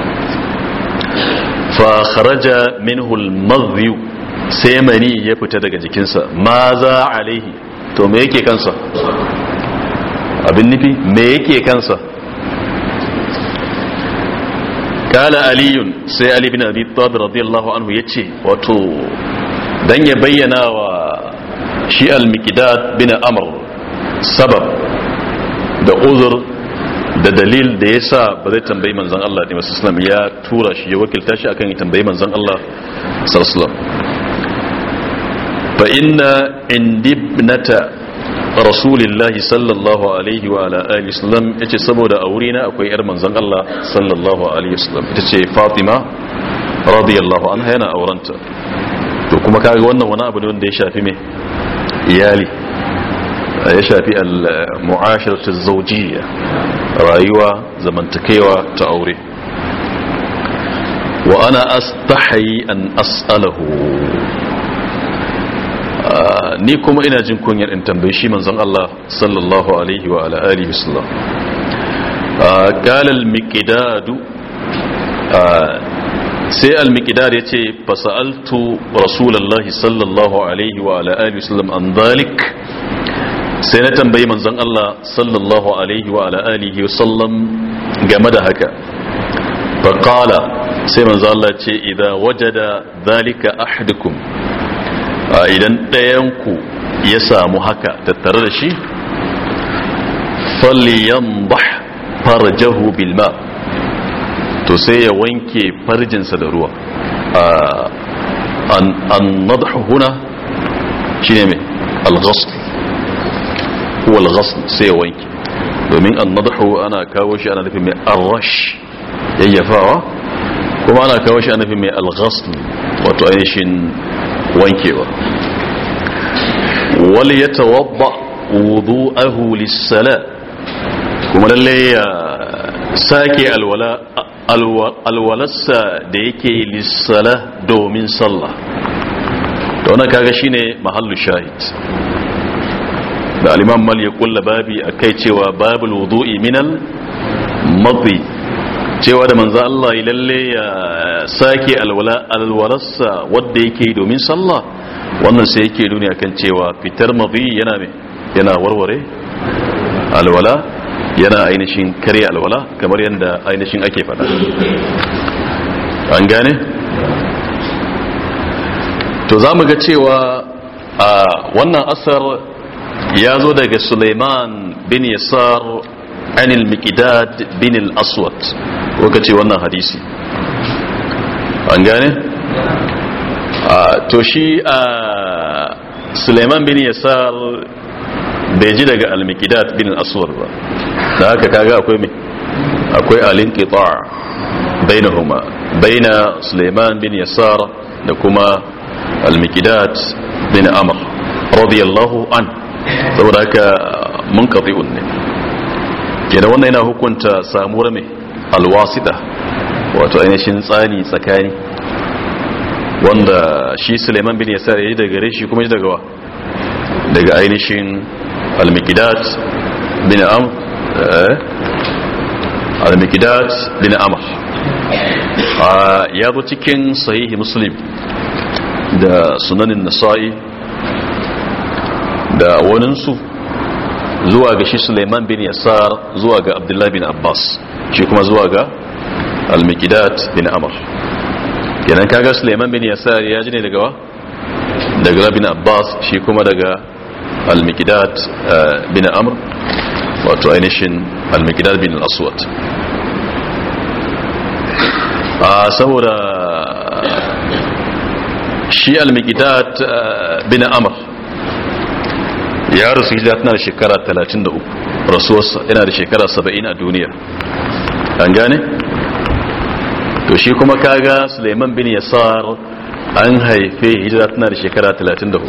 فخرج منه المضي سيمني يفتدق جكنسا ماذا عليه تو me yake kansa abin nufi me yake kansa kala aliyun sai ali bin abi talib radiyallahu anhu yace wato dan ya bayyana wa shi al bin amr sabab da uzur da dalil da ya sa ba zai tambayi manzan Allah ne masu islam ya tura shi ya wakilta shi akan yi tambayi manzan Allah sarsulam Ba ina indibnata rasulillahi sallallahu alaihi wa ala alihi ya ce saboda a wurina akwai yar manzan Allah sallallahu alaihi wasallam ita ce Fatima radiyallahu anha yana auranta to kuma kaga wannan wani abu ne wanda ya shafi mai iyali ya shafi al-mu'asharatu zawjiyya rayuwa zamantakewa ta aure wa ana astahi an as'alahu ni kuma ina jin kunyar in tambaye shi manzon Allah sallallahu alaihi wa ala alihi wasallam qala al-miqdad sai al-miqdad yace fasaltu rasulullahi sallallahu alaihi wa ala alihi wasallam an dhalik sai na tambayi manzon Allah sallallahu alaihi wa alihi wasallam game da haka faqala sai manzon Allah ce idza wajada zalika ahadukum idan ɗayan ku ya samu haka tattare da shi falyanbah farjahu bil bilma to sai ya wanke farjinsa da ruwa an nadhu huna shine mai al هو الغصن سيوين ومن النضح انا كاوش انا في مي الرش يا فاو كما انا كاوش انا في مي الغصن وتو اينشين وينكيوا وليتوضا وضوءه للصلاة كما للي ساكي الولاء الولس ديكي للصلاة دومين صلى هناك هذا شيء محل الشاهد da al'imam mal ya kulla babi a kai cewa babul wudu'i minal mafi cewa da manzo Allah ya lalle ya sake alwalarsa wadda yake domin sallah wannan sai yake nuni akan cewa fitar mafi yana mai yana warware alwala yana ainihin kare alwala kamar yadda ainihin ake faɗa an gane to za mu ga cewa a wannan asar ya zo daga suleiman bin yasar anil mikidad bin al-aswad ce wannan hadisi an gane? to shi a suleiman bin yasar bai ji daga al-mikidad bin al-aswad ba da haka kaga akwai mai akwai al-inqita' bainahuma baina suleiman bin yasar da kuma al-mikidad bin amr radiyallahu anhu saboda haka mun qati'un ne kenan wannan yana hukunta samuwar mai alwasida wato ainihin tsani tsakani wanda shi Suleiman bin Yasar yi daga gare shi kuma daga wa daga ainihin almikidat bin Am eh? al bin Amr ah, ya zo cikin sahihi Muslim da sunanin Nasa'i da waninsu zuwa ga shi suleiman bin yasar zuwa ga abdullahi bin abbas shi kuma zuwa ga al-mikidat bin amr kenan kaga suleiman bin yasar ya ji ne daga wa daga bin abbas shi kuma daga al-mikidat eh, bin amr wato ainihin al-mikidat bin al-aswad ah, saboda shi al-mikidat eh, bin amr ya rasu hijira tana da shekara 33 rasuwarsa yana da shekara 70 a duniya an gane to shi kuma kaga suleiman bin yasar an haife hijira tana da shekara 34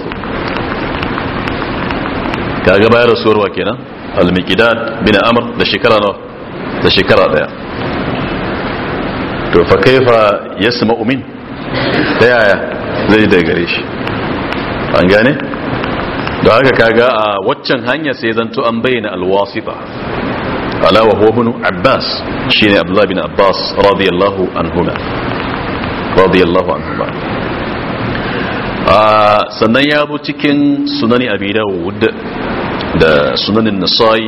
kaga bayan rasuwarwa kenan al-miqdad bin amr da shekara nawa da shekara daya to fa kaifa yasma'u min ta yaya zai da gare shi an gane da haka kaga a waccan hanya sai zanto an bayyana alwasita ala wa huwa ibn abbas shine abdullah bin abbas radiyallahu anhuma radiyallahu anhuma sannan ya bu cikin sunani abi dawud da sunanin nasai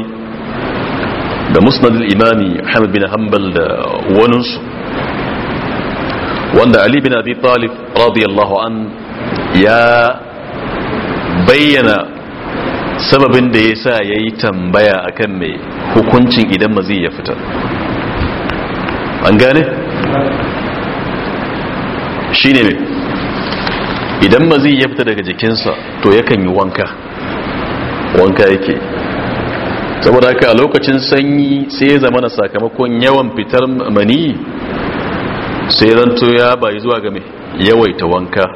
da musnad al-imami ahmad bin hanbal da waninsu wanda ali bin abi talib radiyallahu an ya bayyana sababin da ya sa ya yi tambaya akan mai hukuncin idan mazi ya fita an gane? shi ne mai idan mazi ya fita daga jikinsa to yakan yi wanka wanka yake saboda haka a lokacin sanyi sai ya zama na sakamakon yawan fitar mani sai ranto ya bayi zuwa game yawaita wanka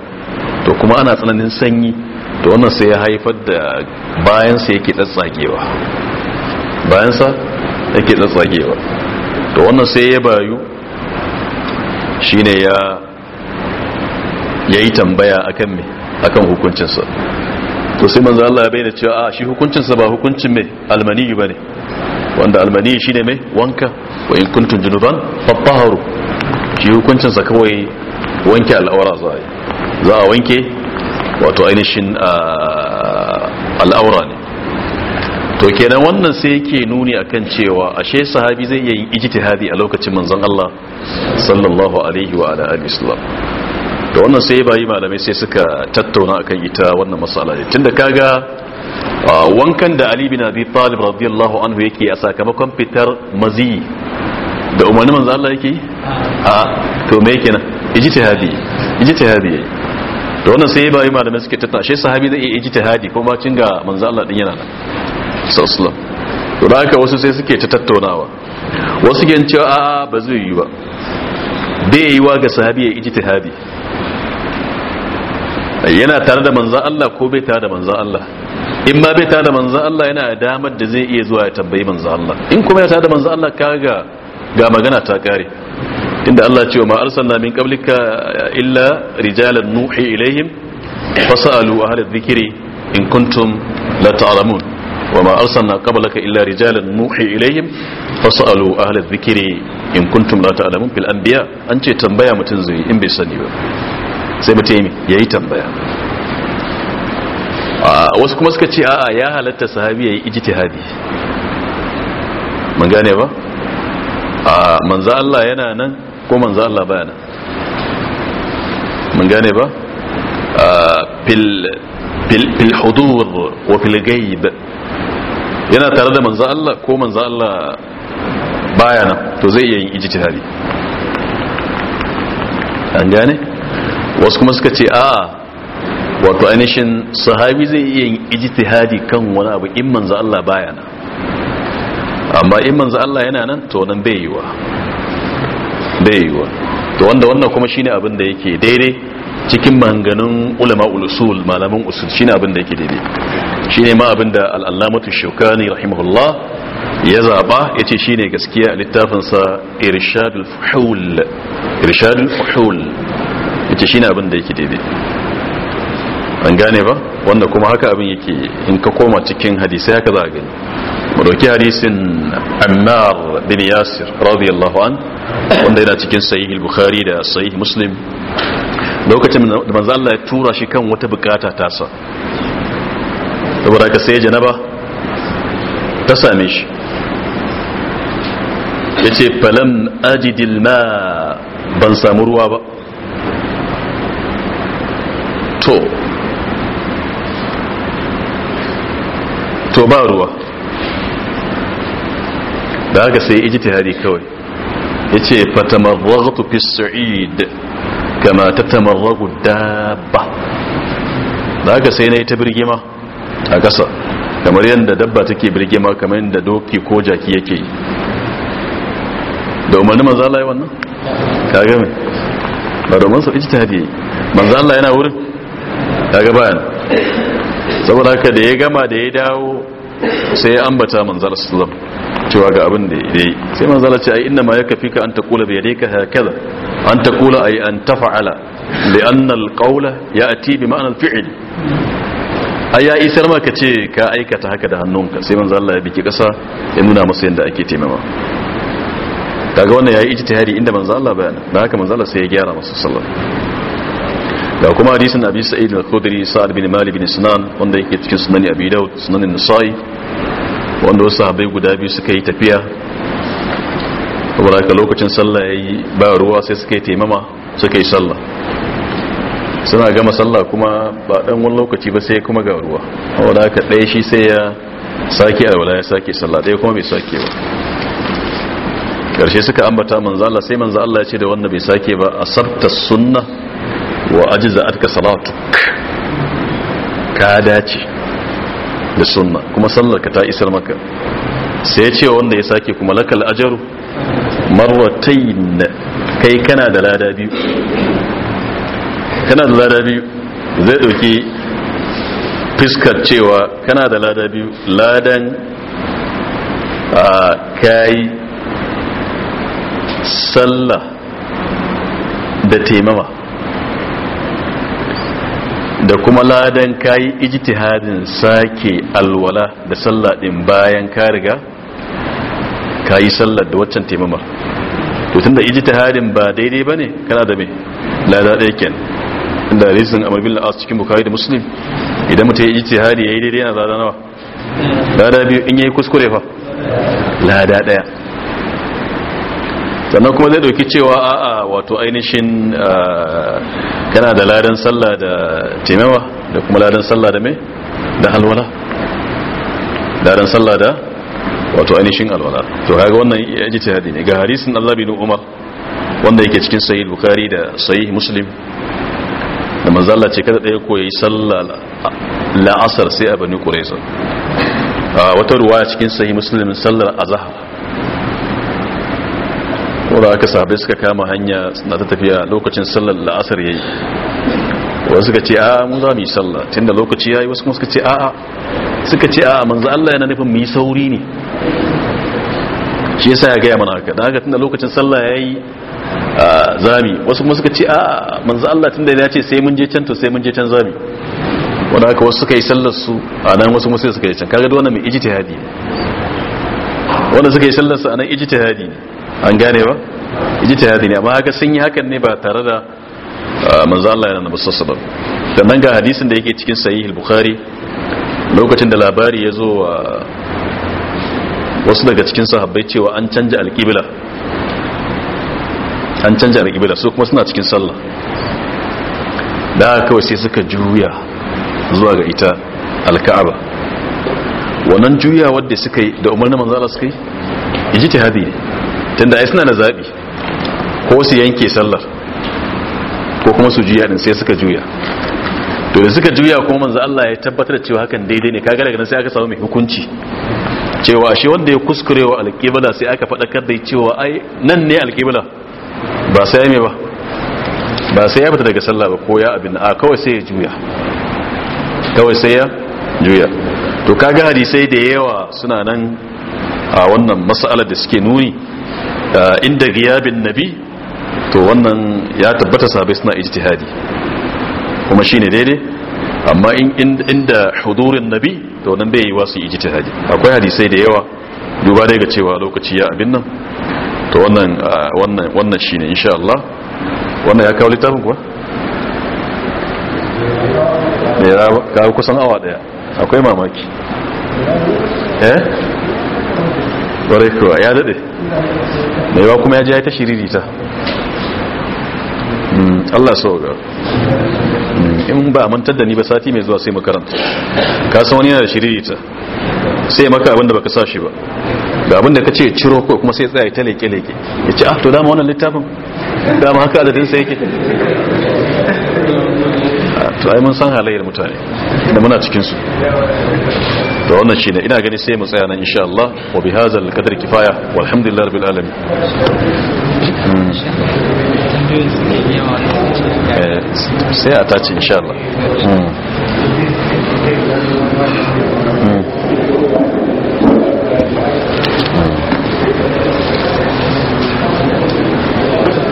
to kuma ana tsananin sanyi to wannan sai ya haifar da bayansa yake tsatsagewa bayansa yake tsatsagewa to wannan sai ya bayu shine ya yayi tambaya akan me akan hukuncinsa to sai manzo Allah ya bayyana cewa a shi hukuncinsa ba hukuncin me almani bane wanda almani shine me wanka wa in kuntum junuban fatahuru shi hukuncinsa kawai wanke al'aura za a wanke wato ainihin al'aura ne to kenan wannan sai yake nuni akan cewa ashe sahabi zai iya yin ijtihadi a lokacin manzon Allah sallallahu alaihi wa ala alihi wasallam to wannan sai bayi malamai sai suka tattauna akan ita wannan masala ne tunda kaga wankan da Ali bin Abi Talib radiyallahu anhu yake a sakamakon fitar mazi da umarnin manzon Allah yake a to me yake nan ijtihadi ijtihadi da wannan sai bai yi malamai suke tattauna shi sahabi zai iya ijtihadi ko bacin ga manzo Allah din yana nan sallallahu to da haka wasu sai suke tattaunawa wasu gen cewa a ba zai yi ba bai yi wa ga sahabi ya ijtihadi yana tare da manzo Allah ko bai tare da manzo Allah in ma bai tare da manzo Allah yana da damar da zai iya zuwa ya tambayi manzo Allah in kuma ya tare da manzo Allah kaga ga magana ta kare inda Allah ce wa ma arsalna min qablika illa rijalan nuhi alu a halar zikiri in kuntum la ta'lamun wa ma arsalna qablaka illa rijalan nuhi alu a halar zikiri in kuntum la ta'lamun fil biya an ce tambaya mutun zai in bai sani ba sai mutum yi tambaya wasu kuma suka ce a'a ya halatta sahabi ya yayi ijtihadi mun gane ba manzo Allah yana nan ko manzo Allah bayana mun gane ba fil fil hudur wa fil ghaib yana tare da manzo Allah ko manzo Allah bayana to zai iya yin ijtihadi an gane wasu kuma suka ce a wato ainihin sahabi zai iya yin ijtihadi kan wani abu in manzo Allah bayana amma in manzo Allah yana nan to nan bai yiwa bai to wanda wannan kuma shine abin da yake daidai cikin maganganun ulama usul malaman usul shine abin da yake daidai shine ma abin da al-allamatu shawkani rahimahullah ya zaba yace shine gaskiya littafin sa irshadul fuhul irshadul fuhul yace shine abin da yake daidai an gane ba wanda kuma haka abin yake in ka koma cikin hadisi haka za a gani mu dauki hadisin ammar bin yasir radiyallahu anhu wanda yana cikin sahih bukhari da sahih muslim lokacin da manzo Allah ya tura shi kan wata bukata sa saboda ka sai janaba ta same shi yace falam ajidil ma ban samu ruwa ba to to ba ruwa da haka sai ijtihadi kawai yace fatamarraqtu fi sa'id kama tatamarraqu dabba daga sai nayi ta birgima a kasa kamar yanda dabba take birgima kamar yanda doki ko jaki yake yi da umarni manzo Allah ya wannan kaga me ba domin su ijtihadi manzo Allah yana wurin kaga bayan saboda haka da ya gama da ya dawo sai ya ambata manzo Allah cewa ga abin da ya yi sai manzala ce ai inna ma yakafi ka an taqula bi yadayka hakaza an taqula ai an taf'ala li anna al-qawla ya'ti bi ma'na al-fi'l ai ya isar ma ka ce ka aikata haka da hannunka sai manzala ya biki kasa ya nuna masa yanda ake taimama kaga wannan yayi ijtihadi inda manzo Allah bayana dan haka manzala sai ya gyara masa sallallahu da kuma hadisin Abi Sa'id al-Khudri Sa'ad bin Malik bin sunan wanda yake cikin Sunan Abi daud Sunan Nasa'i wanda wasu sahabai guda biyu suka yi tafiya wadda lokacin sallah ya yi ba ruwa sai suka yi taimama suka yi sallah suna gama sallah kuma ba ɗan wani lokaci ba sai kuma ga ruwa wadda aka ɗaya shi sai ya sake alwala ya sake sallah ɗaya kuma bai sake ba ƙarshe suka ambata manza Allah sai manza Allah ya ce da wanda bai sake ba a asabta sunna wa ka salatu ka dace da sunna kuma sallar ka ta isar maka sai ya ce wanda ya sake kuma lakal ajaru marwatayn kai kana da lada biyu kana da lada biyu zai dauki fiskar cewa kana da lada biyu ladan a kai sallah da taimama da kuma ladan kayi ijtihadin sake alwala da sallah din bayan ka riga kayi sallar da waccan taimama to tunda ijtihadin ba daidai bane kana da me lada da yake inda hadisin Amr bin al-As cikin Bukhari da Muslim idan mutum ya ijtihadi yayi daidai yana lada nawa lada biyu in yayi kuskure fa lada daya sannan kuma zai dauki cewa a wato ainihin kana da ladan sallah da temewa da kuma ladan sallah da mai da alwala ladan sallah da wato ainihin alwala to kaga wannan ya ji tahadi ne ga harisun Allah bin Umar wanda yake cikin sahih Bukhari da sahih Muslim da manzo Allah ce kada ɗaya koyi sallah la'asar sai a bani Qurayza wata ruwaya cikin sahih Muslim sallar azhar saboda aka sahabai suka kama hanya na ta tafiya lokacin sallar la'asar yayi wasu suka ce a'a mun za mu yi sallah tunda lokaci yayi wasu kuma suka ce a'a suka ce a'a manzo Allah yana nufin mu yi sauri ne shi yasa ya gaya mana haka daga tun tunda lokacin sallah yayi zami wasu kuma suka ce a'a manzo Allah da ya ce sai mun je can to sai mun je can zami wanda haka wasu suka yi sallar su a nan wasu musu suka yi can kaga wannan mu ijtihadi wanda suka yi sallar su a nan ijtihadi ne an gane ba ijtihadi ne amma haka sun yi hakan ne ba tare da ah, manzo Allah yana nabi sallallahu alaihi wasallam nan ga hadisin da yake cikin sahih al-bukhari lokacin da labari ya zo wa wasu daga cikin sahabbai cewa an canja alƙibla an canja alƙibla su kuma suna cikin sallah da kawai sai suka juya zuwa ga ita alka'aba wannan juya wadda suka yi da umarnin manzala suka yi ijtihadi ne tunda ai suna da zabi ko su yanke sallar ko kuma su juya din sai suka juya to da suka juya kuma manzo Allah ya tabbatar da cewa hakan daidai ne kaga daga nan sai aka samu mai hukunci cewa shi wanda ya kuskurewa alƙibla sai aka faɗakar da cewa ai nan ne alƙibla ba sai mai ba ba sai ya fita daga sallah ba ko ya abin a kawai sai ya juya kawai sai ya juya to kaga hadisai da yawa suna nan a wannan mas'alar da suke nuni inda giyabin nabi to wannan ya tabbata sahabai suna ijtihadi kuma shine daidai amma inda hudurin nabi to nan bai yi wasu ijtihadi akwai hadisai da yawa duba daga cewa lokaci ya abin nan to wannan ah, wannan wannan shine insha Allah wannan ya kawo littafin kuwa ne ya kawo kusan awa daya akwai mamaki eh kwarai kuwa ya daɗe mai yawa kuma ya ji ya ta shiriri ta hmm, Allah sau ga hmm, in ba a mantar da ni ba sati mai zuwa sai makaranta ka san wani yana da shiriri ta sai maka abinda baka sa shi ba ga abinda ka ce ciro ko kuma sai tsaye ta leke-leke ya ce ah to dama wannan littafin dama haka adadin sai yake ah, to ai mun san halayyar mutane da muna cikinsu da wannan shine ina gani sai mu tsaya nan insha Allah wa bi hadzal qadri kifaya walhamdulillahi rabbil alamin sai a tace insha Allah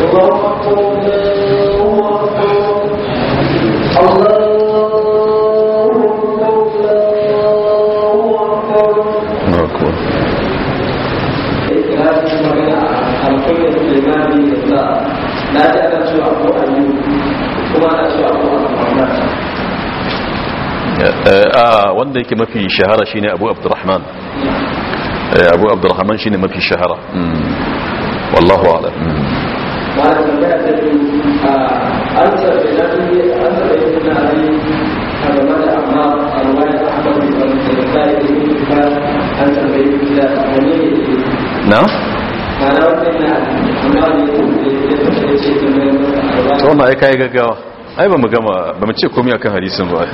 Thank you. لا تأكل سوى أبو أيوب وما سوى أبو الرحمن a wanda yake mafi shahara shine Abu Abdurrahman Abu Abdurrahman shine mafi shahara wallahu a'lam wa tambaya ta biyu an tsare da ni an tsare da ni a game da amma alwaya Ahmad bin Abdullah ibn Bakr an tsare da ni na ta wannan aika yi gaggawa ai ba mu gama ba mu ce komi akan hadisin ba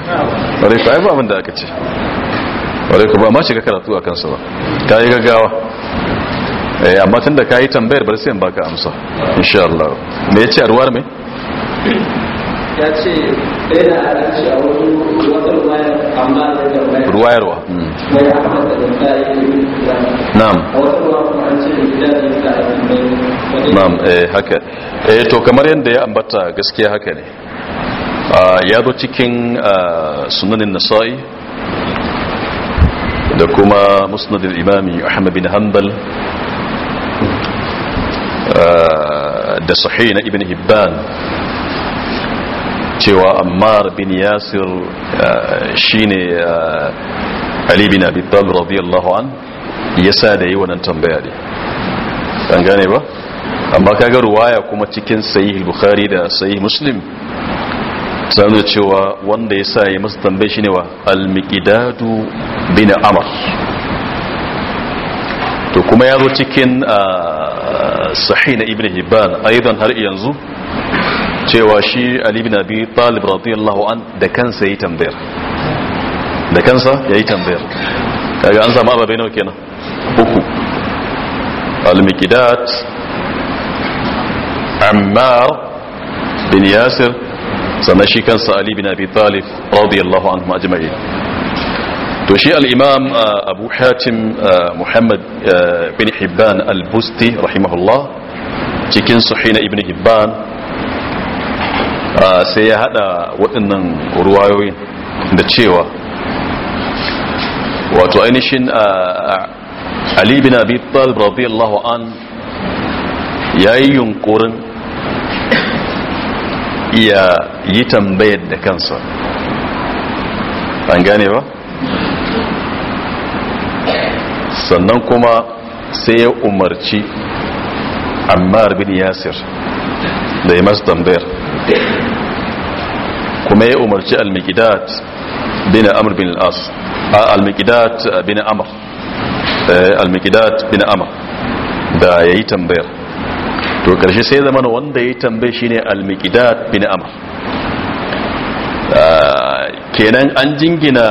wadai ku ai abinda aka ce wadai ku ba ma shiga karatu a kansu ba ka yi gaggawa eh, amma tun da ka yi tambayar bar sai baka amsa insha Allah me ya ce a ruwar mai ya ce ɗaya da halarci a wani wata ruwaya ruwayarwa na'am na'am eh haka eh to kamar yadda ya ambata gaskiya haka ne ah, ya zo cikin ah, sunanin nasa'i da kuma musnadin imami ahmad bin hanbal ah, da sahih na ibn hibban cewa ammar bin yasir uh, shine uh, ali bin abi radiyallahu an yasa da yi wannan tambaya ne ɗan gane ba amma kaga ruwaya kuma cikin sayi bukhari da sayi muslim sanu cewa wanda ya sa ya masa tambaya shi ne wa almiqidadu bin Amar? to kuma ya zo cikin uh, sahi na ibn hibban aidan har yanzu cewa shi Ali bin Abi Talib radiyallahu an da kansa yayi tambayar da kansa yayi tambayar kaga an samu ababai nawa kenan uku al-miqdat Ammar bin Yasir sannan shi kansa Ali bin Abi Talib radiyallahu anhu ajma'in to shi al-Imam Abu Hatim Muhammad bin Hibban al-Busti rahimahullah cikin sahih na Ibn Hibban Ah, sai ya hada waɗannan ruwayoyin da cewa wato ainihin ah, ah, ali bin abi talib radiyallahu an yayi yunkurin iya yi tambayar da kansa an gane ba sannan kuma sai ya umarci ammar bin yasir da yi masu tambayar kuma ya umarci al-miqdad bin amr bin al-as al-miqdad bin amr eh, al-miqdad bin amr da yayi tambayar to karshe sai zama wanda yayi tambaye shine al-miqdad bin amr eh, kenan an jingina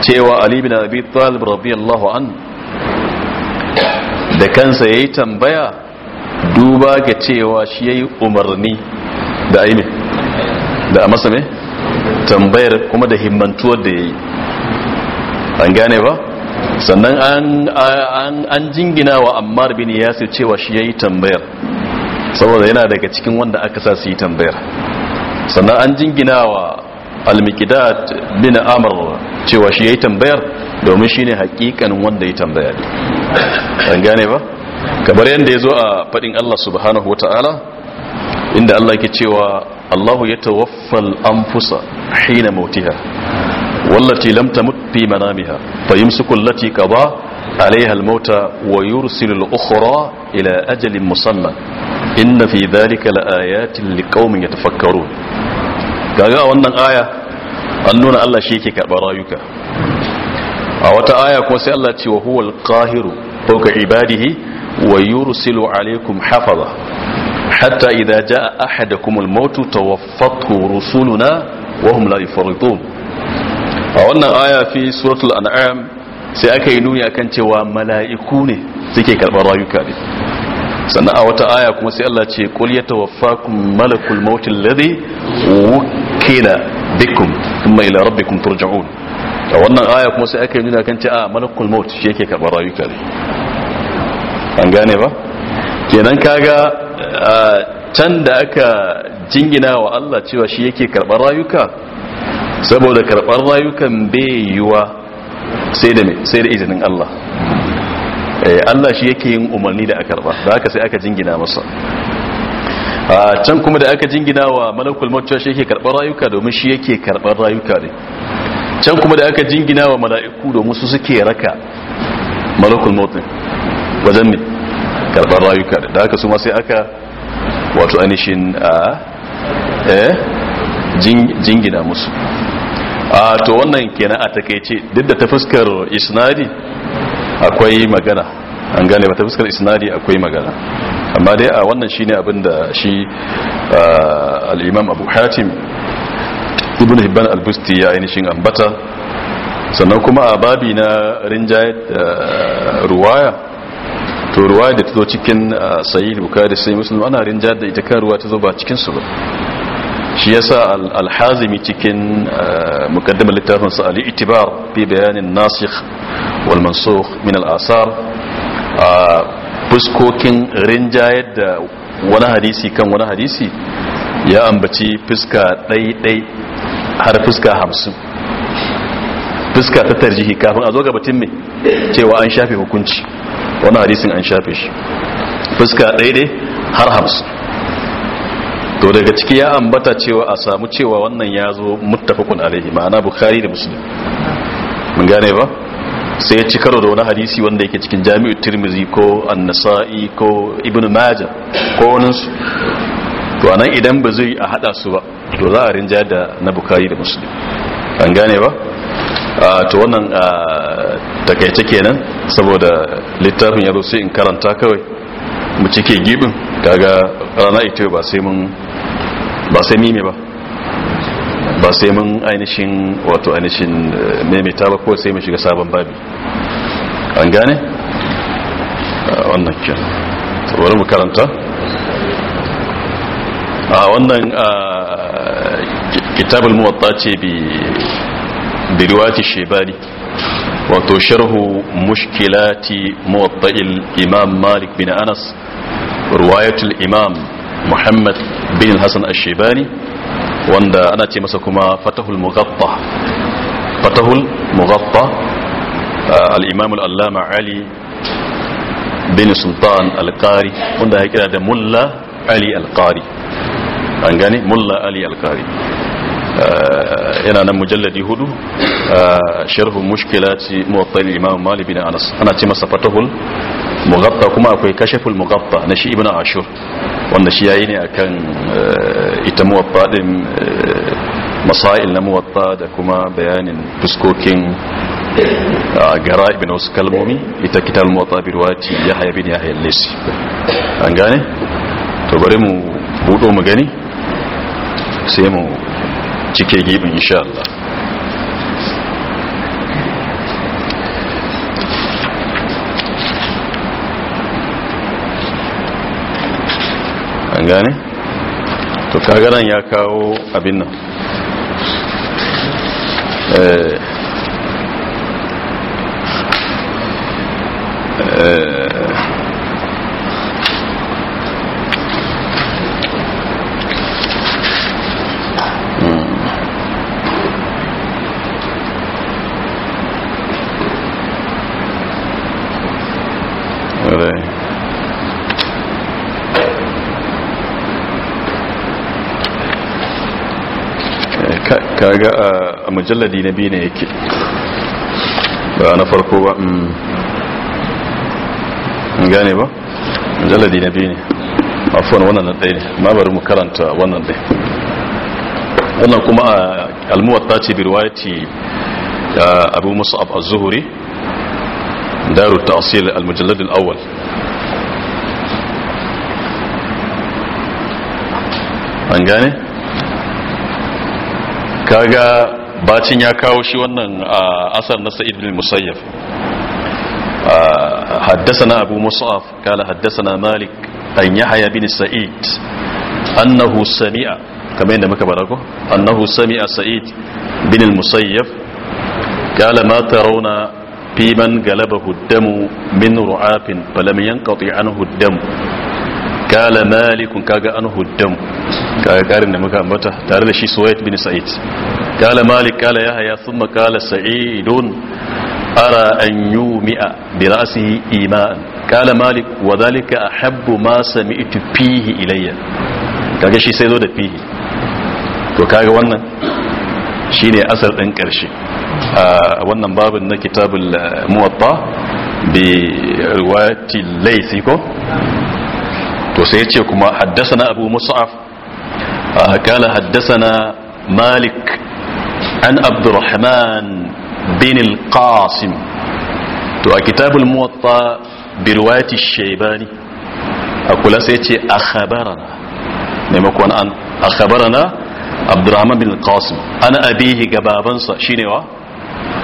cewa ali bin abi talib radiyallahu an da kansa yayi tambaya duba ga cewa shi yayi umarni da aini da a masa ne tambayar kuma da himmantuwar da ya yi an gane ba sannan an jingina wa ammar bin yasir cewa shi ya yi tambayar saboda yana daga cikin wanda aka sa su yi tambayar sannan an jingina wa almikidat bin amur cewa shi ya yi tambayar domin shi ne hakikanin wanda ya yi tambayar an gane ba kamar yadda ya zo a faɗin allah subhanahu wa ta'ala inda Allah ke cewa Allahu ya tawaffal anfusa hina mautiha wallati lam tamut fi manamiha fayumsiku allati qada alayha almauta wa yursilu al-ukhra ila ajalin musamma inna fi dhalika laayatin liqaumin yatafakkarun kaga wannan aya an nuna Allah shi yake karɓar rayuka a wata aya kuma sai Allah ce wa huwal qahiru fawqa ibadihi wa yursilu alaikum hafaza hatta idza jaa ahadakumul mautu tawaffathu rusuluna wa hum la yufarritun a wannan aya fi suratul an'am sai aka yi nuni akan cewa mala'iku ne suke karɓar rayuka ne sannan a wata aya kuma sai Allah ce qul yatawaffakum wukila ila turja'un a wannan aya kuma sai aka yi nuni akan cewa malakul maut shi yake karɓar rayuka ne an gane ba kenan kaga can da aka jingina wa Allah cewa shi yake karɓar rayuka saboda karɓar rayukan bai yiwa sai da sai da izinin Allah eh, Allah shi yake yin umarni da aka karɓa da aka sai aka jingina masa can kuma da aka jingina wa malakul maut shi yake karɓar rayuka domin shi yake karɓar rayuka ne can kuma da aka jingina wa mala'iku domin su suke raka malakul maut wajen mai karɓar rayuka da haka su ma sai aka wato anishin a eh, jingina musu a to wannan kenan a takaice duk da ta fuskar isnadi akwai magana an gane ba ta fuskar isnadi akwai magana amma dai a wannan shine abin da shi al-imam abu hatim ibn hibban al-busti ya ainihin ambata sannan kuma a babi na rinjaye eh, ruwaya to ruwa da ta zo cikin uh, sayi bukari sai musulun ana rinja da ita kan ruwa ta zo ba cikinsu ba shi yasa alhazimi cikin uh, mukaddimar littafin sa Ali itibar fi bayanin nasir walmansur mansukh min al-asar uh, fuskokin rinjayar da wani hadisi kan wani hadisi ya ambaci fuska ɗai-ɗai har fuska hamsin fuska ta tarjihi kafin a zo gabatin mai cewa an shafe hukunci wani hadisin an shafe shi fuska ɗaya ne har hamsin to daga ciki ya ambata cewa a samu cewa wannan ya zo muttafaqun alaihi ma'ana bukhari da musulun mun gane ba sai ya ci karo da wani hadisi wanda yake cikin jami'u tirmizi ko an-nasa'i ko Ibn majah ko wani su to anan idan ba zai a hada su ba to za a rinja da na bukhari da musulun an gane ba ah, to wannan ah, takaice kenan saboda littafin ya zo sai in karanta kawai mu cike gibin kaga rana ita ba sai mun ba sai mime ba ba sai mun ainihin wato ainihin eh, ta ba ko sai mu shiga sabon babi an gane ah, wannan kin wani mu karanta a ah, wannan ah, kitabul muwatta ce bi riwati shebani wato sharhu mushkilati muwatta'il imam malik bin anas ruwayatul imam muhammad bin hassan ashebani wanda ana ce masa kuma fatahul mughatta fatahul mughatta uh, al-imam al-allama ali bin sultan al-qari wanda ya kira da mulla ali al-qari an gane mulla ali al-qari yana nan mujalladi hudu sharhu mushkilati muwattal imam malik bin anas ana ce masa fatahul mughatta kuma akwai kashaful mughatta na shi ibnu ashur wanda shi yayi ne akan ita muwatta din masail na muwatta da kuma bayanin fuskokin gara ibn kalmomi ita kitar motsa birwati ya haya bin ya hayan lesi an gane? to bari mu buɗo mu gani sai mu cike gibin insha Allah an gane? to kagaran ya kawo abin nan eh eh Right. kaga a mujalladi na biyu ne yake ba na farko ba in mm. gane ba mujalladi na biyu ne afuwan wannan na ɗaya ne ma bari mu karanta wannan ɗaya wannan kuma a almuwatta ce ce abu musu abu zuhuri دار التأصيل المجلد الأول an gane? kaga bacin ya kawo shi wannan a asar na sa'id bin musayyaf haddasana abu musaf kala haddasa na malik an yi haya bin sa'id annahu sami'a kamar yadda muka bada ko annahu sami'a sa'id bin musayyaf kala ma rauna. في من غلبه الدم من رعاف فلم ينقطع عنه الدم قال مالك كاغا انه الدم كاغا قارن نمكا متى تارد شي سويت بن سعيد قال مالك قال يا هيا ثم قال سعيد أرى أن يومع برأسه إيماء قال مالك وذلك أحب ما سمعت فيه إلي كاغا شي سيدو فيه وكاغا وانا shine asar ɗin ƙarshe a wannan babin na kitabul muwatta bi riwayati laysi ko to sai yace kuma haddathana abu mus'af kala haddathana malik an abdurrahman bin al-qasim to a kitabul muwatta bi riwayati shaybani a kula sai yace akhbarana maimakon an a akhbarana abdurrahman bin qasim ana abihi gababansa shine wa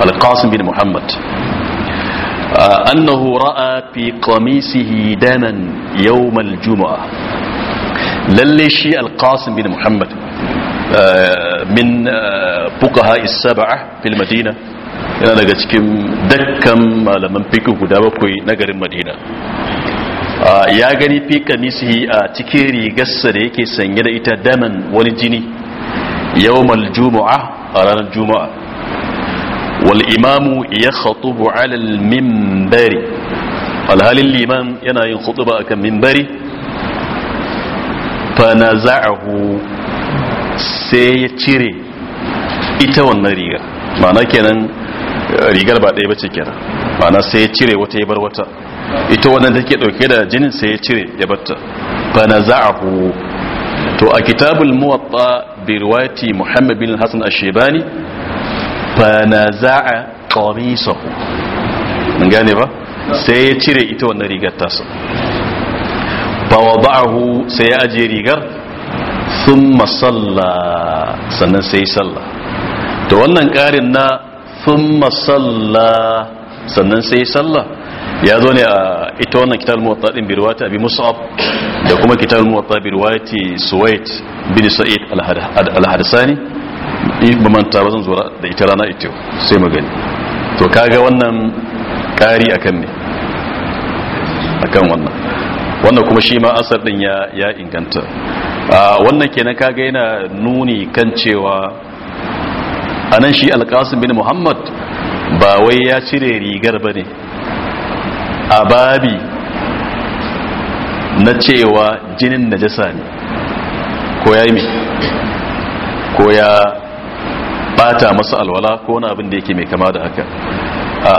al-qasim bin muhammad ah, annahu ra'a fi qamisihi daman yawm al-jum'a lalle shi al-qasim bin muhammad ah, min ah, fuqaha as-sab'a fil madina yana daga cikin dakkan malaman fiqh guda bakwai na garin madina ya gani fi kamisihi a cikin rigarsa da yake sanye da ita daman wani jini yawmal juma'a a ranar juma'a wal imamu ya khatubu alal mimbari alhalin liman yana yin khutuba akan mimbari sai ya cire ita wannan riga ma'ana kenan eh, rigar ba ɗaya bace kenan ma'ana sai ya cire wata ya bar wata ita wannan take ɗauke da jinin sai ya cire ya batta fa naza'ahu to a kitabul muwatta biruwati muhammad bin hassan ashebani ba na za'a ƙorisa mun gane ba sai ya cire ita wannan rigar tasa ba wa sai ya ajiye rigar sun masalla sannan sai sallah to wannan ƙarin na sun salla sannan sai sallah ya zo ne a ita wannan kitab al-muwatta din bi riwayati abi mus'ab da kuma kitab al-muwatta bi riwayati suwayt bin sa'id al-hadasani in ba manta ba zan zo da ita rana ita sai magani to kaga wannan kari akan ne akan wannan wannan kuma shi ma asar din ya ya inganta wannan kenan kaga yana nuni kan cewa anan shi al-qasim bin muhammad ba wai ya cire rigar bane a babi na cewa jinin najasa ne ko ya yi ko ya bata masa alwala ko wani abin da yake mai kama da haka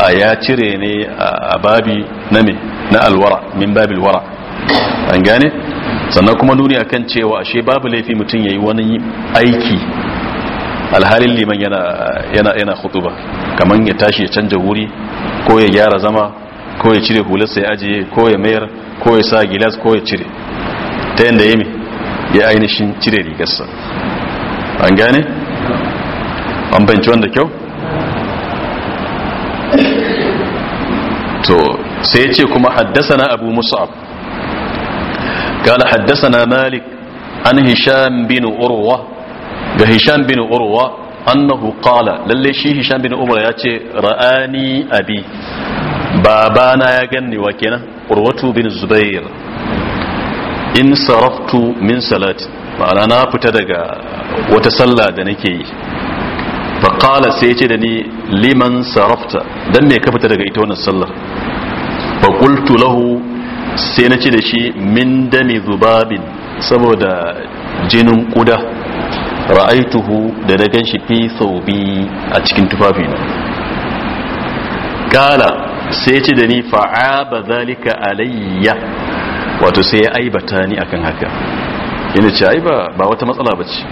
a ya cire ne a babi na me na alwara min babil wara an gane sannan kuma nuni akan cewa ashe babu laifi mutum ya yi wani aiki alhalin liman yana yana ba kamar kaman ya tashi ya canja wuri ko ya gyara zama ko ya cire hularsa ya ajiye ko ya mayar ko ya sa gilas ko ya cire ta yadda ya ya ainihin cire rigarsa an gane? an banci wanda kyau? to sai ya ce kuma haddasa na abu musa'ab kala haddasa na malik an hisham bin urwa ga hisham bin urwa annahu qala lalle shi hisham bin umar ya ce ra'ani abi babana ya ganni wa kenan urwatu bin zubair in saraftu min salati ma'ana na fita daga wata sallah da nake yi qala sai ya ce da ni liman sarafta dan me ka fita daga ita wannan sallar qultu lahu sai na da shi min dami zubabin saboda jinin ƙuda ra'aituhu da dagan shi fi sau a cikin tufafina kala sai ce da ni ba zalika alayya wato sai ya aibata ni akan haka yana ce ai ba wata matsala ba ce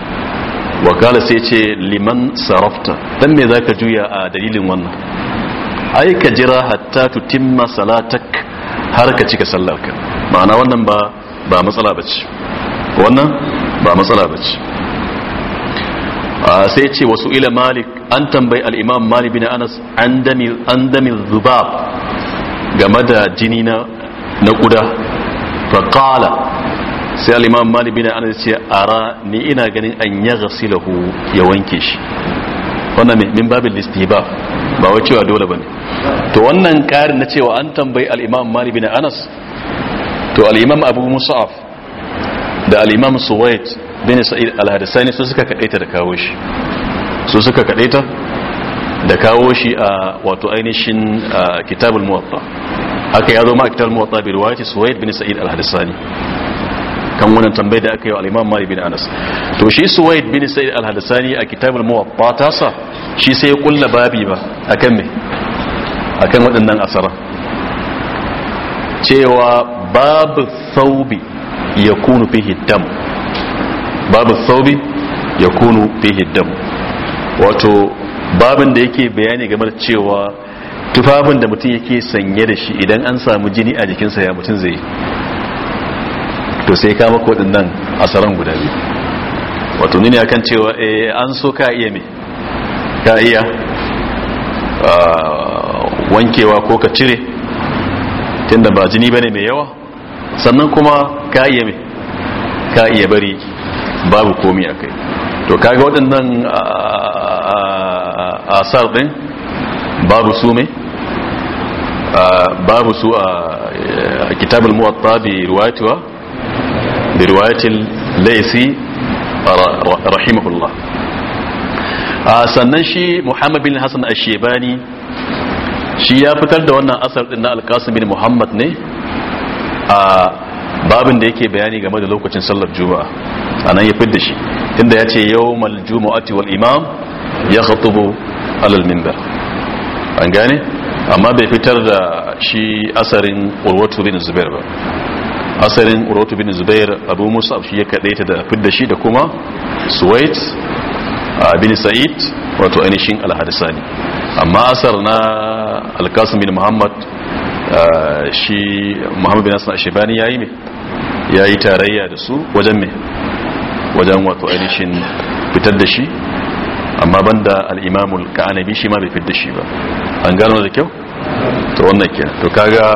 wakala sai ce liman sarafta dan me za ka juya a dalilin wannan ai ka jira hatta tutin salatak har ka cika sallarka ma'ana wannan ba ba matsala ba ce wannan ba matsala ba ce Ah, sai ce wasu ila malik an tambayi al'imam malibi na anas an damin zubab game da jini na kuda faƙala sai al'imam malibi na anas ce ara ni ina ganin an ya gasilahu ya wanke shi wannan min babin listi ba ba wa cewa dole ba ne to wannan ƙarin na cewa an tambayi al'imam malibi na anas to al'imam abu musa'af da al'imam suwait. bin sa'id al-hadisani su suka kadaita da kawo shi su suka kadaita da kawo shi a wato ainihin kitabul muwatta aka yazo ma kitabul muwatta bi riwayati suwaid bin sa'id al-hadisani kan wannan tambayar da aka yi wa al-imam malik bin anas to shi suwaid bin sa'id al-hadisani a kitabul muwatta ta sa shi sai ya kulla babi ba akan me akan waɗannan asara cewa babu thawbi yakunu fihi dam babu saubi ya kunu fihi dam wato babin da yake bayani game da cewa tufafin da mutum yake sanye da shi idan an samu jini a jikinsa ya mutum zai to sai kama kodin nan asaran guda biyu wato nini akan cewa eh, an so ka iya me ka iya wankewa ko ka cire tunda ba jini bane mai yawa sannan kuma ka iya ka iya bari babu komi a kai to kaga waɗannan asar ɗin babu su mai babu su a kitabul muwatta bi ruwatiwa bi ruwatil laisi rahimahullah sannan shi muhammad bin hassan ashebani shi ya fitar da wannan asar din na alkasim bin muhammad ne a babin da yake bayani game da lokacin sallar juma'a anan ya fidda shi tunda ya ce yawmal jumu'ati wal imam ya khatubu alal minbar an gane amma bai fitar da shi asarin urwatu bin zubair ba asarin urwatu bin zubair abu musa shi ya kadaita da fidda shi da kuma suwait bin sa'id wato ainihin al-hadisani amma asar na al-qasim bin muhammad shi muhammad bin hasan ashbani yayi me yayi tarayya da su wajen me wajen wato ainihin fitar da shi amma banda al'imamul ka'anabi shi ma bai fitar da shi ba an gano da kyau to wannan kenan to kaga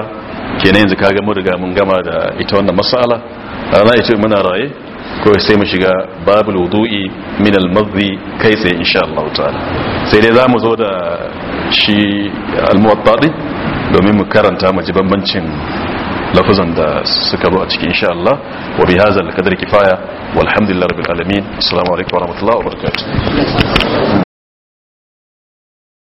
kenan yanzu kaga mun riga mun gama da ita wannan matsala rana ita muna raye ko sai mu shiga babul wudu'i min al-madhi kai sai insha Allah ta'ala sai dai zamu zo da shi al-muwatta domin mu karanta mu ji bambancin lafazan da suka zo a ciki insha Allah wa bi hadha al-qadri kifaya walhamdulillahi rabbil alamin assalamu alaikum wa rahmatullahi wa barakatuh